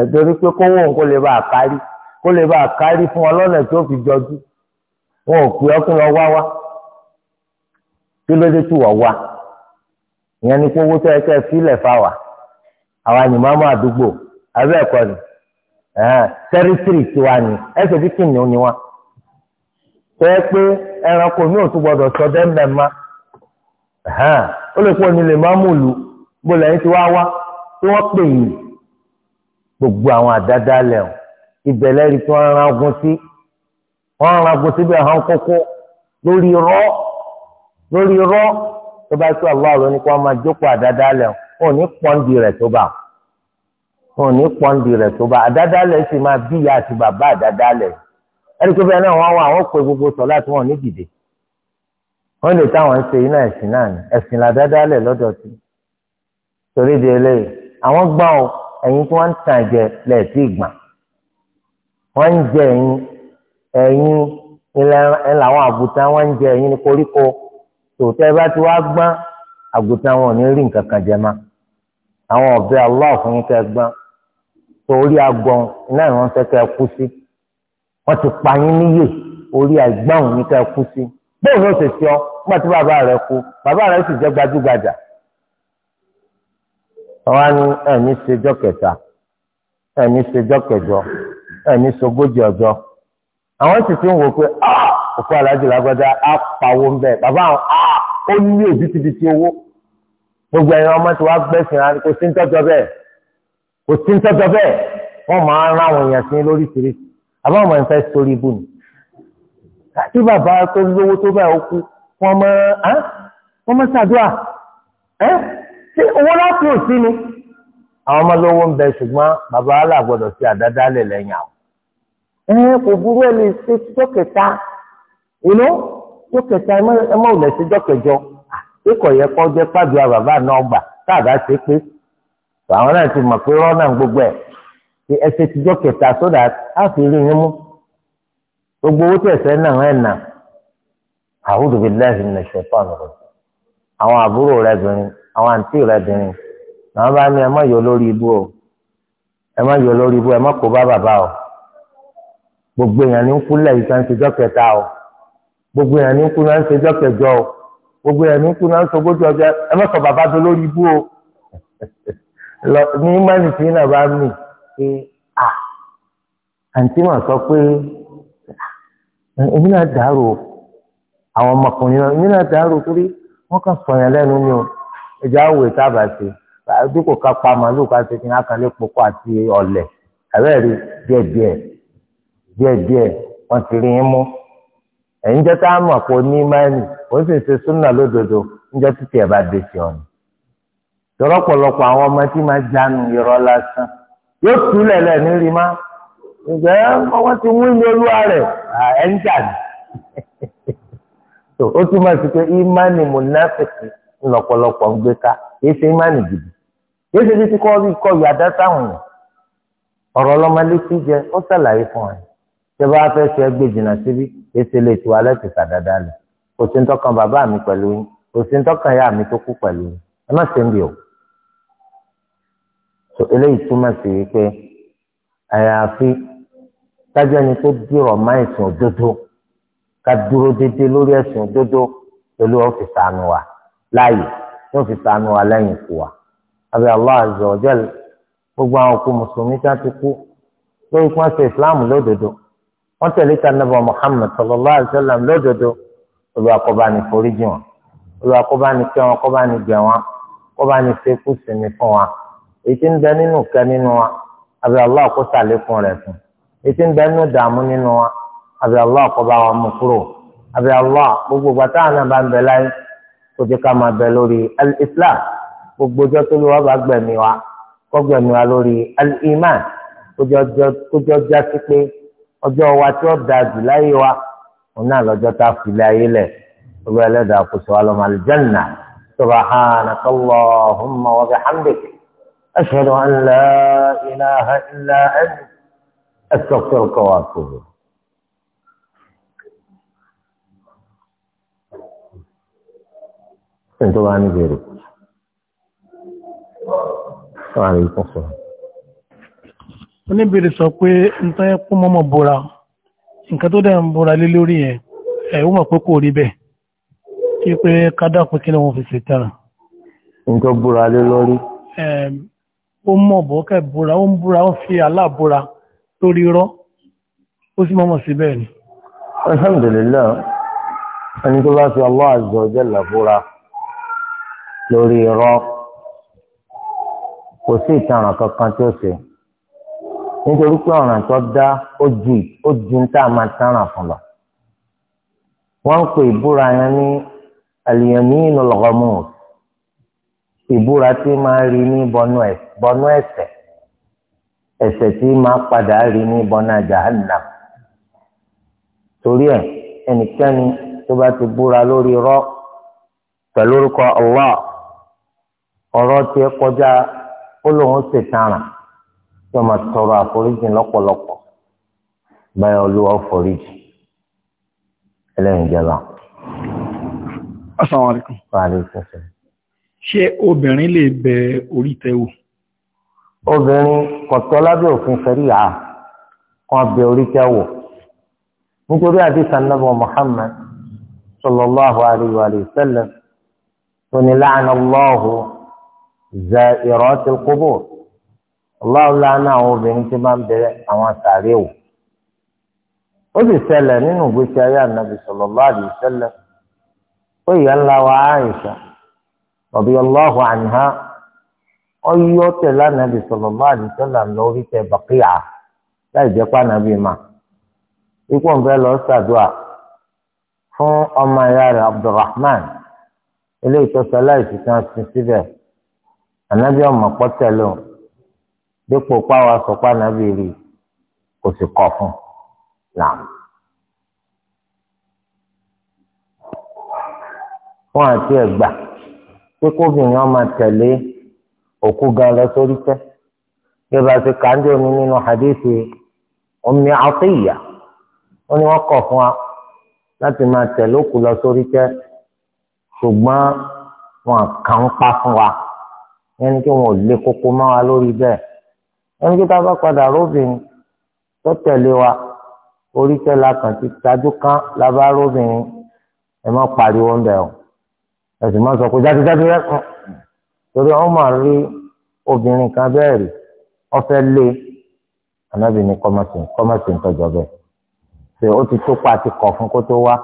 ẹ̀dọ́rí pé kówó nǹkó lè bá a kárí kó lè bá a kárí fún ọ lọ́nà tí ó fi jọjú wọn ò pè ọ́ kí wọ́n wá wá kí ló dé tí wọ́n wá ìyẹn ni pé owó tó yẹ kẹ́ ẹ fílẹ̀ fáwà àwa ni màmá àdúgbò abẹ́ ẹ̀kọ́ ni tẹ́rítírì tiwa ni ẹsẹ̀ bí kìnìún ni wá tẹ́ pé ẹranko mi ò tún gbọdọ̀ sọ dẹ́mbẹ̀ ma ó lè pọ̀ ní lè má mú lu bó lẹ́yìn tí wá wá tí wọ́n pè yìí gbogbo àwọn àdáda lẹ́hùn ìbẹ̀lẹ́ rí tí wọ́n ran ogun sí wọ́n ran ogun síbi àwọn kókó lórí rọ́ lórí rọ́ tó bá tó àlọ́ àlọ́ ni kí wọ́n máa jókòó àdáda lẹ́hùn wọn ò ní pọ́ǹdì rẹ̀ tó bá wọn ò ní pọ́ǹdì rẹ̀ tó bá àdádálẹ̀ sì máa bí ìyá àti bàbá àdádálẹ̀ ẹni pé bẹ́ẹ̀ náà wọ́n wá àwọn pé gbogbo sọ láti wọn ò ní dìde wọ́n lè táwọn ń ṣe iná ẹ̀sìn náà ni ẹ̀sìn làdádálẹ̀ lọ́dọ̀ tí torí di eléyìí àwọn gbọ́n o ẹ̀yin tí wọ́n ń tàn jẹ lẹ́ẹ̀tì ìgbà wọ́n ń jẹ ẹ̀yin ẹ̀yin ẹ̀ làwọn wọ́n ń jẹ ẹ̀yin koríko tòótọ́ ẹ bá ti wá gbọ́n àgùntàn wọn ò ní rí nǹkan kan jẹ máa àwọn ọ̀bẹ Allah fún yín kẹgbọ́n torí agbọ̀n náà wọ́n fẹ́ kẹ́ kú sí wọ́n ti pa yín níyè orí àgbọ̀n ní kẹ́ kú sí bóun ló ṣe ṣe ọ nígbà tí bàbá rẹ kú bàbá rẹ sì jẹ́ gbajúgbajà àwa ni ẹ̀mí ṣejọ́ kẹta ẹ̀mí ṣejọ́ kẹjọ ẹ̀mí ṣogójì ọjọ́ àwọn sì ti ń wò pé ah! òkú aláàjì lágbájá á pawó ń bẹ̀ bàbá àwọn ah! ó ní òbítíbitì owó gbogbo ẹ̀yin ọmọ tí wàá gbẹ̀sìn ara kò sí ń tọ́jọ́ bẹ́ẹ̀ kò sí ń tọ́jọ́ bẹ́ẹ̀ wọ́n máa ń ráwọn èèyàn sí lóríṣiríṣi àbá wọn fẹ́ sórí ibù ni. àti bàbá tó lówó tó bá òkú wọn mọ ẹ wọn mọ ṣàdúrà ẹ ṣé owó láti òsì ni. àwọn ọmọ lówó ń bẹ ṣùgbọ́n bàbá àlà gbọ́dọ̀ sí àdádálẹ̀ lẹ́yìn àwọn. ẹ kò burú ẹ lè ṣe jọ́kẹta ìlú jọ́kẹta ẹ mọ̀ ò lẹ̀ ṣe jọ́kẹjọ́ pé kò yẹ kó jẹ́ pàdùà bàbá náà gbà káàbá ṣe pé àwọn náà ti mọ̀ pé rọ́nà gbogbo ẹ̀ ti ẹsẹ̀ tijọ́ kẹta sódà á fi rí yín mú gbogbo owó tẹ̀sẹ̀ náà ẹ̀ nà a'udhu billahi minash shaitani rẹ̀ àwọn àbúrò rẹ̀ bìnrin àwọn àǹtí rẹ̀ bìnrin àwọn bá ní ẹ má yọ lórí ibú o ẹ má yọ lórí ibú ẹ má kó bá bàbá o gbogbo èèyàn ní ń kú lẹ́yìn tó ń ṣe jọ́ o gbogbo èèyàn ní ń kú lẹ́yìn tó ń ṣe jọ́ o gbogbo ẹ̀mí kú náà ń sọ gbójú ọjọ́ ẹ má sọ bàbá tó lórí ibú o [LAUGHS] ní mánì tí náà bá mì pé à àǹtí mà sọ pé èmi náà dàrú àwọn ọmọkùnrin náà èmi náà dàrú torí wọ́n kàn sọ̀yàn lẹ́nu ni o ẹ̀jẹ̀ àwọ̀ ètò àbàṣe dípò ká pa màálù ká ṣe kí n kàn lè pokó àti ọ̀lẹ̀ àbẹ́rẹ́ díẹ̀díẹ̀ díẹ̀díẹ̀ wọ́n ti rí yín mú ẹ̀yin tá a mọ̀ pé ní mẹ́rin ó sì ṣe súnà lódodo níjọ́ títí ẹ̀ bá dé sí ọ̀nà. tọ́lọ́pọ̀lọpọ̀ àwọn ọmọ tí máa jánu irọ́ lásán yóò nírí má ǹjẹ́ ọwọ́ ti mú ilé olúwa rẹ̀ ẹ̀ ń jà ní. [LAUGHS] ó túmọ̀ pé ìmánì mùnáfíkì ńlọ́pọ̀lọpọ̀ ń gbé ká kìí ṣe ìmánì gidi kìí ṣe ti kọ́ bí kọ́ sáwọn ọ̀rọ̀ ti jẹ ó fún ṣé bá fẹ́ ṣe é gbé jìnnà síbí èsì lè tiwa lẹ́tì sàdáadá lẹ̀ kò sí ntọ́kàn bàbá mi pẹ̀lú yín kò sí ntọ́kàn ìyá mi tó kú pẹ̀lú yín ẹ má ṣe ń bì o. tó eléyìí túmọ̀ sí wípé àyàfi tájú ẹni tó dìrọ̀ má ẹ̀sìn òdodo ká dúró dédé lórí ẹ̀sìn òdodo pẹ̀lú ọ́fíìsì àánú wa láàyè ní ọ́fíìsì àánú wa lẹ́yìn ikú wa. àbí Allah azza wa jal gbogbo àwọn òkú mùsùlùmí tá ti kú lórí kí ìsìláàmù lódodo wọ́n tẹ̀lé ta nàbà Muhammad sallallahu alaihi wasallam lódodo olùwà kó bá ní foríjì wọn olùwà kó bá ní kẹ́ wọn kó bá ní gbẹ̀ wọn kó bá ní sekú sinmi fún wa èyí tí ń bẹ nínú kẹ́ nínú wa àbí Allah kó sàlékún rẹ̀ fún èyí ń bẹ nínú dààmú nínú wa àbí Allah kó bá mú kúrò àbí Allah gbogbo gbàtà àná bá ń bẹ láyé kó jẹ́ ká máa bẹ lórí al gbogbo ọjọ́ tó lè wá bá gbẹ̀mí wa kó gbẹ̀mí wa lórí al kó jọ jásí pé. ọjọ́ wa tí ó da jù láyé wa òun náà lọ́jọ́ tá a fìlẹ̀ ayé lẹ̀ ọgbẹ́ ẹlẹ́dàá kò sọ alọ́mọ alìjẹ́nà سبحانك اللهم وبحمدك أشهد أن لا إله إلا أنت أستغفرك وأتوب إليك انتوا عن غيرك وعليكم السلام oníbèrè sọ pé nǹkan yẹn kó mọ́mọ́ bora nǹkan tó dẹ̀ ń bora lé lórí ẹ̀ ó mọ̀ pé kò rí bẹ́ẹ̀ kí pé kádà pé kí ni wọ́n fi ṣètàn. nǹkan bora lé lórí. ó mọ̀ bọ́kẹ́ bora ó ń bora ó fi aláàbora lórí irọ́ ó sì mọ̀mọ̀ sí bẹ́ẹ̀ ni. alhamdulilayi ẹni tó bá fi lórí kò sí ìtàn kankan ṣe. nítorí pé ọ̀ràn tó dá ó ju ó ju ń tá a máa tán ràn fún lọ. wọ́n ń pè ìbúra yẹn ní àlìyànmínú lọ́gọ́mù ìbúra tí máa rí ní bọ́nú ẹ̀ṣẹ̀ ẹ̀ṣẹ̀ tí máa padà rí ní bọ́nú jahannam. torí ẹ̀ ẹnikẹ́ni tó bá ti búra lórí rọ́ pẹ̀lú orúkọ Allah ọ̀rọ̀ tiẹ̀ kọjá ó lóun ṣètàràn tó máa tọrọ àforíjì lọ́pọ̀lọpọ̀ báyọ̀ olúwa foríjì ẹlẹ́yìn jẹba. Assalamu alaikum. ṣé obìnrin lè bẹ orí tẹ́wò? obìnrin kọ̀tọ́ lábẹ́ òfin fẹ́rí à kan bẹ orí tẹ́wò nítorí àdìsá nàbọ̀ Muhammad sallallahu alayhi wa sallam tó ní la'ana Allahu za'irat al-qubur. ọláọlá náà àwọn obìnrin tí máa ń bẹ̀rẹ̀ àwọn sàárè wò ó sì ṣẹlẹ̀ nínú ìgbésí ayé ànábì sallallahu alaihi wasallam ó ìyá ńlá wa Àìṣà radiyallahu anha ọyọ tẹ̀lé ànábì tẹ bàkíyà láì pa mà ikú lọ sàdúà fún ọmọ ìyá Abdulrahman ilé ìtọ́sọ aláìsí kan sí dípò páwa sọpá nàbì rí kò sì kọ fún náà. fún àti ẹgbà pé kóbìnrin ọmọ tẹ̀lé òkú gan lọ sórí tẹ́ bí ba ti kàńdé omi nínú hadithi Ummi Atiyya ó ní wọ́n kọ̀ fún wa láti máa tẹ̀lé òkú lọ sórí tẹ́ ṣùgbọ́n wọn kàn ń pa fún wa yẹn ni kí wọn ò lé koko mọ́ wa lórí bẹ́ẹ̀ ẹni kí tá a bá padà róbìnrin tó tẹ̀lé wa orí tẹ́lá kan ti tajú kán la bá róbìnrin ẹ má pariwo ń bẹ̀ ọ́ ẹ sì má sọ pé jáde-jáde rẹ kàn torí wọn máa rí obìnrin kan bẹ́ẹ̀ rí wọ́n fẹ́ lé anábì e. ní kọ́mọ̀sì kọ́mọ̀sì tọ́jọ́ bẹ́ẹ̀ ṣe ó ti tó pa àti kọ̀ fún kó tó wá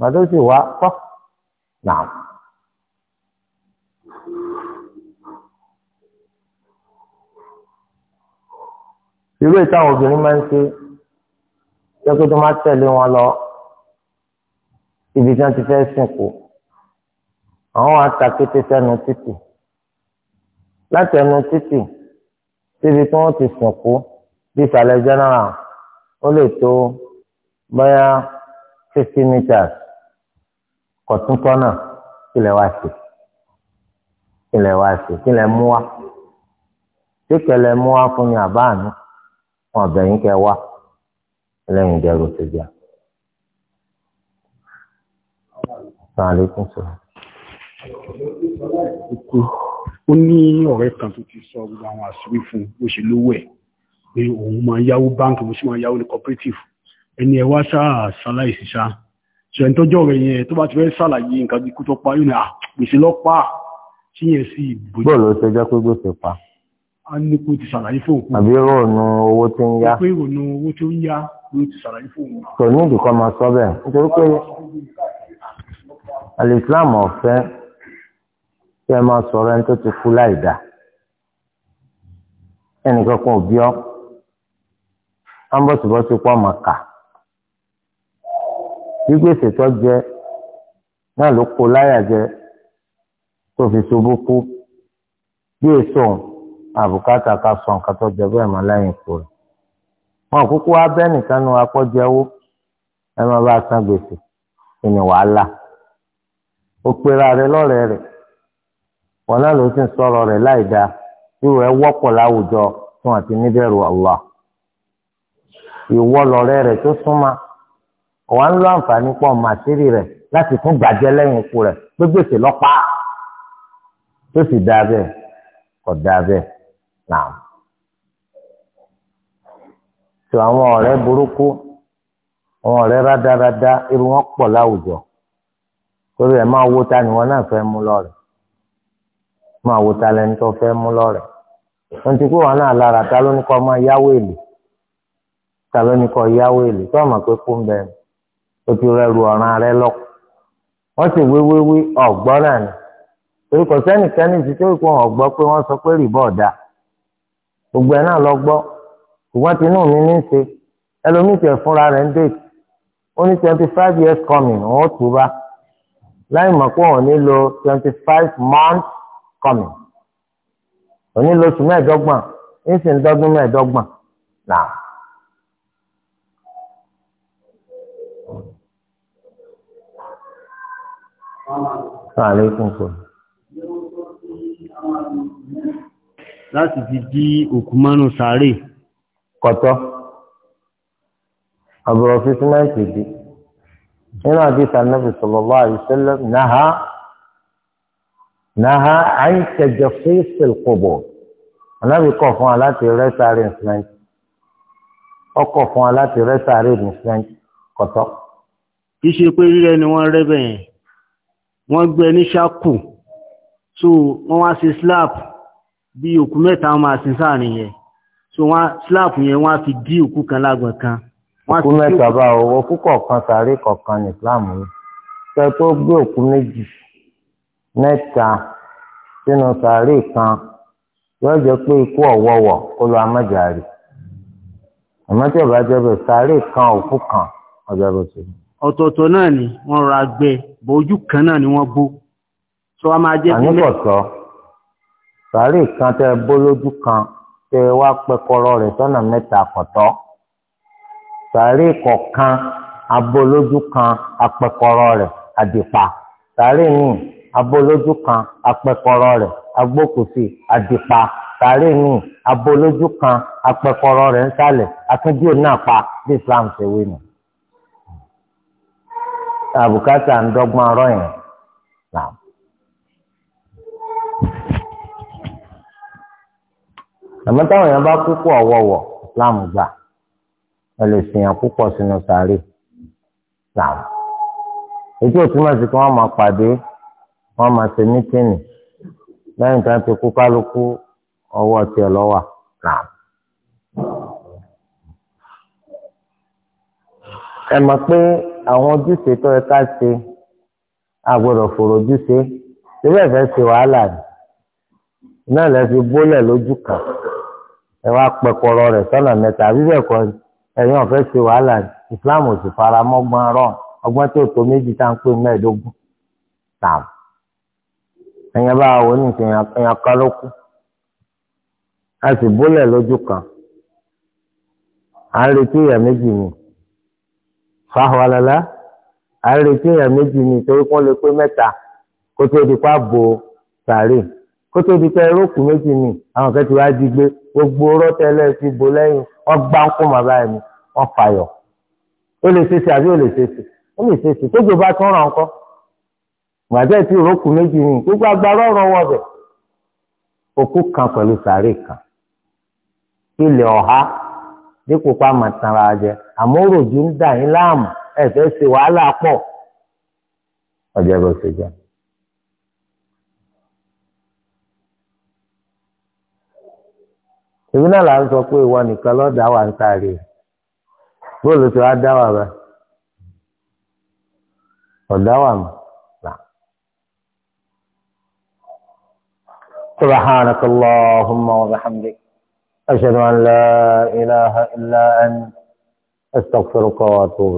màdó sì wá kọ́ nàá. irú ìtàwọn obìnrin máa ń ṣe jẹ́ pé tó máa tẹ̀lé wọn lọ ibi tí wọ́n ti fẹ́ sìnkú àwọn àtàkété sẹ́nu títì láti ẹnu títì síbi tí wọ́n ti sìnkú bí ìsàlẹ̀ general ó lè tó bóyá fifty meters kọ̀túntọ́nà kílẹ̀ wá sí kílẹ̀ wá sí kílẹ̀ mú wá sí kílẹ̀ mú wá fún mi àbáàánú wọn ọbẹ̀ yín kẹ wá lẹ́yìn ìdẹ́rù tó jà. ó ní ọ̀rẹ́ kan tó ti sọ gbogbo àwọn àṣírí fún bó ṣe lówó ẹ̀ pé òun máa yáwó báńkì mo sì máa yáwó ní cooperative ẹni ẹ wá sáà ṣaláìsí ṣá ṣe ń tọ́jọ́ rẹ̀ yẹn tó bá ti fẹ́ ṣàlàyé nǹkan bí kú tó pa yóò ní à lọ́pàá tí yẹn sì bójú. bọ́ọ̀lù ṣe jẹ́ pé gbèsè pa a ní kó ti ṣàlàyé fún òkú. àbí ìrònú owó tó ń yá. pé ìrònú owó tó ń yá ló ti ṣàlàyé fún òun. kò ní ìdíkọ́ máa sọ bẹ́ẹ̀ nítorí pé alìsílámù ọ̀fẹ́ kí ẹ máa sọ̀rọ̀ ẹni tó ti kú láì dá ẹnìkan kan ò bí ọ́ ambọ̀sibọ́sí pọ̀ máa kà bí tó jẹ náà ló kó láyà jẹ tó fi ṣubú kú bí èso òun àbùkátà ká sọ nǹkan tó jẹ bẹ́ẹ̀ mọ́ lẹ́yìn ikú rẹ̀ wọn kúkú wá bẹ́ẹ̀ nìkan nu apọ́jẹwó ẹ máa bá san gbèsè ìní wàhálà ó pera rẹ̀ lọ́rẹ̀ẹ́ rẹ̀ wọn náà ló sì ń sọ̀rọ̀ rẹ̀ láì dáa irú ẹ̀ wọ́pọ̀ láwùjọ tí wọ́n ti níbẹ̀rù Allah ìwọ lọ́rẹ́ rẹ̀ tó súnmọ́ ọ̀wá ń lo àǹfààní pọ̀ màṣírí rẹ̀ láti tún gbàjẹ́ lẹ́yìn ikú rẹ̀ pé lọ́pàá tó sì dáa bẹ́ẹ̀ kò dáa bẹ́ẹ̀. náà tó àwọn ọ̀rẹ́ burúkú àwọn ọ̀rẹ́ rádaràda irú wọn pọ̀ láwùjọ torí ẹ̀ máa wo ta ni wọn náà fẹ́ mú lọ́rẹ̀ máa wo ta lẹni tó fẹ́ mú lọ́rẹ̀ wọn ti kó wọn náà lára ta ló ní kọ́ máa yáwó èlé ta ló ní kọ́ yáwó èlé pé ń o ti rẹrù ọ̀ràn rẹ lọ́kù wọ́n sì wéwéwé ọ̀gbọ́n náà ni torí kò sẹ́nìkan ní ìkó ọ̀gbọ́n gbogbo ẹ̀ náà lọ gbọ́ ṣùgbọ́n tinú mi ní í ṣe ẹlòmíì tẹ̀ fúnra rẹ̀ ń déètì ó ní twenty five years coming òun ó tù bá láì mọ̀ pé òun ní lo twenty five months coming òun lo oṣù mẹ́ẹ̀ẹ́dọ́gbọ̀n ń sì ń dọ́dún mẹ́ẹ̀ẹ́dọ́gbọ̀n náà. Sàlẹ̀ láti fi dí òkú mọ́nù sáré kọ̀tọ́ àbúrò fi símẹ́ǹtì dì nínú àdìsá nàbì sallallahu alaihi wasallam náà náà àìsẹ̀jọ fífìl kòbò ànábì kọ̀ fún wa láti rẹ́ sáré símẹ́ǹtì ọkọ̀ fún wa láti rẹ́ sáré símẹ́ǹtì kọ̀tọ́. kì í ṣe pé rírẹ́ ni wọ́n rẹ́ bẹ̀yẹn wọ́n gbẹ́ ní ṣákù so wọ́n wá sí slab bí òkú mẹ́ta wọn máa sin sáàrin yẹn so wọn slap yẹn wọn á fi dí òkú kan lágbọ̀n kan. òkú mẹ́ta bá owó òkú kọ̀ọ̀kan sàárè kọ̀ọ̀kan ní Islam ni kẹ́ tó gbé òkú méjì mẹ́ta sínú sàárè kan yóò jẹ́ pé ikú ọ̀wọ́wọ́ kó lọ amájàre àmọ́ tí ọba jẹ́ kan òkú kan ọjọ́ bó ṣe. ọ̀tọ̀ọ̀tọ̀ náà ni wọ́n ra gbẹ bọ̀ ojú kan náà ni wọ́n bó. sọ wa máa jẹ́ sílẹ̀ àníkọ̀tọ̀ sàárè kan tẹ bó lójú kan tẹ wá pẹkọrọ rẹ̀ sọ́nà mẹ́ta kọtọ sàárè kọ̀ọ̀kan abolójú kan apẹkọrọ rẹ̀ àdìpà sàárè míì abolójú kan apẹkọrọ rẹ̀ agbókùsì àdìpà sàárè míì abolójú kan apẹkọrọ rẹ̀ nsàlẹ̀ akíndíò náà pa bí Islam ṣe wí nù. àbùkátà ń dọ́gbọ́n ọ̀rọ̀ yẹn àmọ́ táwọn èèyàn bá kúkú ọ̀wọ̀wọ̀ islam gbà ẹ lè sèèyàn púpọ̀ sínú sàárè islam èyí ò túmọ̀ sí kí wọ́n máa pàdé wọ́n máa ṣe mítìnì lẹ́yìn tí wọ́n ti kú kálukú ọwọ́ tiẹ̀ lọ́wà islam. ẹ mọ̀ pé àwọn ojúṣe tó yẹ ká ṣe a fòrò ojúṣe síbẹ̀ fẹ́ ṣe wàhálà ni náà lẹ fi bólẹ̀ lójú kan ẹ wá pẹkọrọ rẹ̀ sọ́nà mẹ́ta àbí bẹ́ẹ̀ kọ́ ẹ̀yin ọ̀fẹ́ ṣe wàhálà Islam ò sì fara mọ́gbọ́n rọ̀ ọgbọ́n tó tó méjì tá à ń pè mẹ́ẹ̀ẹ́dógún tààmù ẹ̀yin bá wo ní ìsìn ẹ̀yàn kan a sì bólẹ̀ lójú kan à ń retí ìyà méjì ni fáwọlẹ́lá à ń retí ìyà méjì ni torí kó lè pé mẹ́ta kó tó di pa bo sàárè kótó di pé róòkù méjì ni àwọn kan ti wá jí gbé gbogbo rọ́tẹ́lẹ̀ ti bò lẹ́yìn wọ́n gbá ń kó màbá ẹni wọ́n fàyọ̀ ó lè ṣe é ṣe àbí ó lè ṣe é ṣe ó lè ṣe ṣe tójú bá tún ràn kọ́ gbàdẹ́ ti róòkù méjì ni gbogbo agbára ọ̀rọ̀ wọ̀ bẹ̀ òkú kan pẹ̀lú sàárè kan ilẹ̀ ọ̀há dípò pa màtàrà jẹ àmọ́ ń dà yín láàmú ẹ̀fẹ́ ṣe wàhálà pọ̀ ọjọ́ bó ṣe jẹ́ èmi náà là ń sọ pé ìwọ nìkan ló dá wà ń sáré bóòlù tí wàá dá wà bá ọ̀dá wà mọ́. سبحانك اللهم وبحمدك أشهد أن لا إله إلا أنت أستغفرك وأتوب